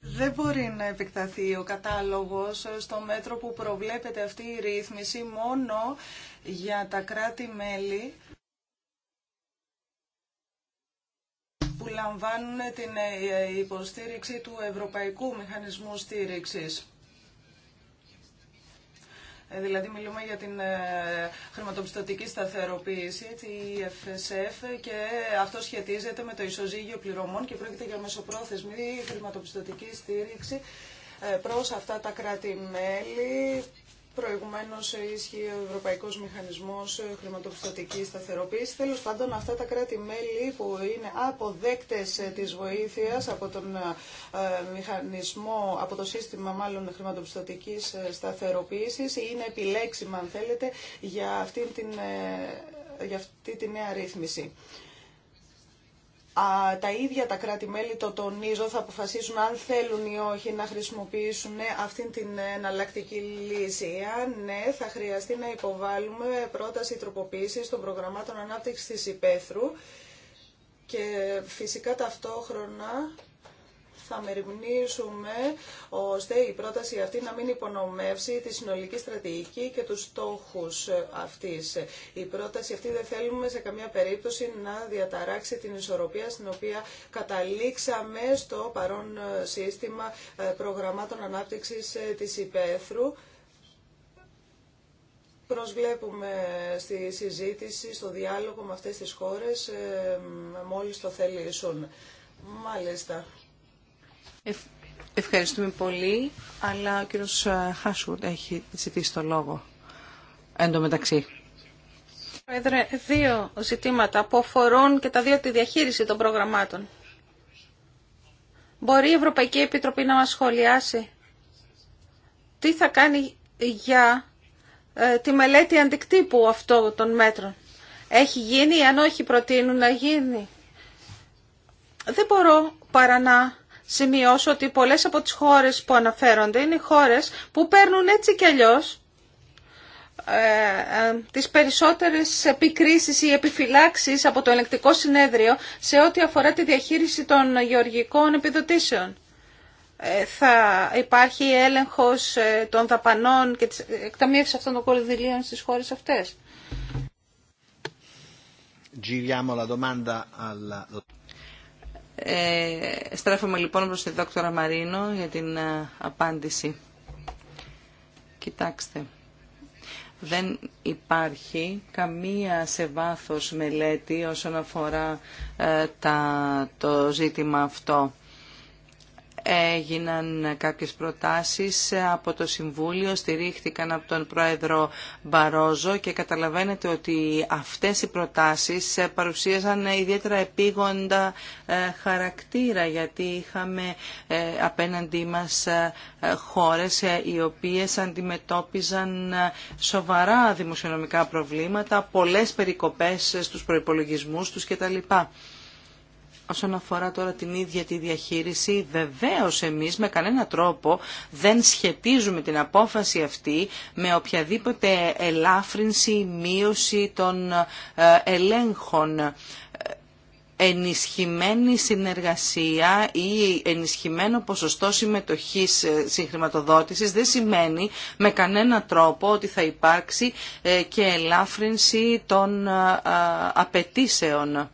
S2: Δεν μπορεί να επεκταθεί ο κατάλογος στο μέτρο που προβλέπεται αυτή η ρύθμιση μόνο για τα κράτη-μέλη που λαμβάνουν την ε, υποστήριξη του Ευρωπαϊκού Μηχανισμού Στήριξης. Δηλαδή μιλούμε για την ε, χρηματοπιστωτική σταθεροποίηση, τη FSF και αυτό σχετίζεται με το ισοζύγιο πληρωμών και πρόκειται για μεσοπρόθεσμη χρηματοπιστωτική στήριξη ε, προς αυτά τα κράτη-μέλη Προηγουμένω ίσχυε ο Ευρωπαϊκός Μηχανισμός Χρηματοπιστωτικής Σταθεροποίησης. Τέλος πάντων αυτά τα κράτη-μέλη που είναι αποδέκτες της βοήθειας από τον ε, μηχανισμό, από το σύστημα μάλλον χρηματοπιστωτικής ε, σταθεροποίησης είναι επιλέξιμα αν θέλετε για αυτή, την, ε, για αυτή τη νέα ρύθμιση. Α, τα ίδια τα κράτη-μέλη, το τονίζω, θα αποφασίσουν αν θέλουν ή όχι να χρησιμοποιήσουν αυτήν την εναλλακτική λύση. Αν ναι, θα χρειαστεί να υποβάλουμε πρόταση τροποποίησης των προγραμμάτων ανάπτυξης τη υπαίθρου και φυσικά ταυτόχρονα θα μεριμνήσουμε ώστε η πρόταση αυτή να μην υπονομεύσει τη συνολική στρατηγική και τους στόχους αυτής. Η πρόταση αυτή δεν θέλουμε σε καμία περίπτωση να διαταράξει την ισορροπία στην οποία καταλήξαμε στο παρόν σύστημα ε, προγραμμάτων ανάπτυξης ε, της υπαίθρου. Προσβλέπουμε στη συζήτηση, στο διάλογο με αυτές τις χώρες, ε, μόλις το θέλησουν. Μάλιστα.
S1: Ευχαριστούμε πολύ, αλλά ο κύριος ε, Χάσουρτ έχει ζητήσει το λόγο εν
S3: μεταξύ. Πρόεδρε, δύο ζητήματα που αφορούν και τα δύο τη διαχείριση των προγραμμάτων. Μπορεί η Ευρωπαϊκή Επιτροπή να μας σχολιάσει τι θα κάνει για ε, τη μελέτη αντικτύπου αυτών των μέτρων. Έχει γίνει, αν όχι προτείνουν να γίνει. Δεν μπορώ παρά να σημειώσω ότι πολλές από τις χώρες που αναφέρονται είναι χώρες που παίρνουν έτσι κι αλλιώς ε, ε, τις περισσότερες επικρίσεις ή επιφυλάξεις από το ελεκτικό συνέδριο σε ό,τι αφορά τη διαχείριση των γεωργικών επιδοτήσεων. Ε, θα υπάρχει έλεγχος των δαπανών και της εκταμείευσης αυτών των κονδυλίων στις χώρες αυτές.
S1: Ε, στρέφομαι λοιπόν προς τη δόκτωρα Μαρίνο για την ε, απάντηση. Κοιτάξτε, δεν υπάρχει καμία σε βάθος μελέτη όσον αφορά ε, τα, το ζήτημα αυτό έγιναν κάποιες προτάσεις από το Συμβούλιο, στηρίχθηκαν από τον Πρόεδρο Μπαρόζο και καταλαβαίνετε ότι αυτές οι προτάσεις παρουσίαζαν ιδιαίτερα επίγοντα ε, χαρακτήρα γιατί είχαμε ε, απέναντί μας ε, χώρες οι οποίες αντιμετώπιζαν σοβαρά δημοσιονομικά προβλήματα, πολλές περικοπές στους προϋπολογισμούς τους κτλ. Όσον αφορά τώρα την ίδια τη διαχείριση, βεβαίως εμείς με κανένα τρόπο δεν σχετίζουμε την απόφαση αυτή με οποιαδήποτε ελάφρυνση, μείωση των ε, ελέγχων ενισχυμένη συνεργασία ή ενισχυμένο ποσοστό συμμετοχής ε, συγχρηματοδότησης δεν σημαίνει με κανένα τρόπο ότι θα υπάρξει ε, και ελάφρυνση των απαιτήσεων.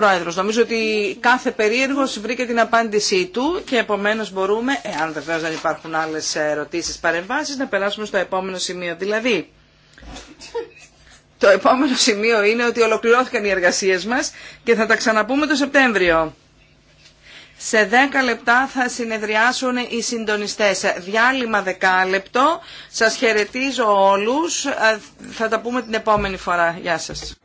S1: Πρόεδρος, νομίζω ότι κάθε περίεργος βρήκε την απάντησή του και επομένως μπορούμε, εάν βεβαίως δεν υπάρχουν άλλες ερωτήσεις, παρεμβάσεις, να περάσουμε στο επόμενο σημείο. Δηλαδή, το επόμενο σημείο είναι ότι ολοκληρώθηκαν οι εργασίες μας και θα τα ξαναπούμε το Σεπτέμβριο. Σε 10 λεπτά θα συνεδριάσουν οι συντονιστές. Διάλειμμα 10 λεπτό. Σας χαιρετίζω όλους. Θα τα πούμε την επόμενη φορά. Γεια σας.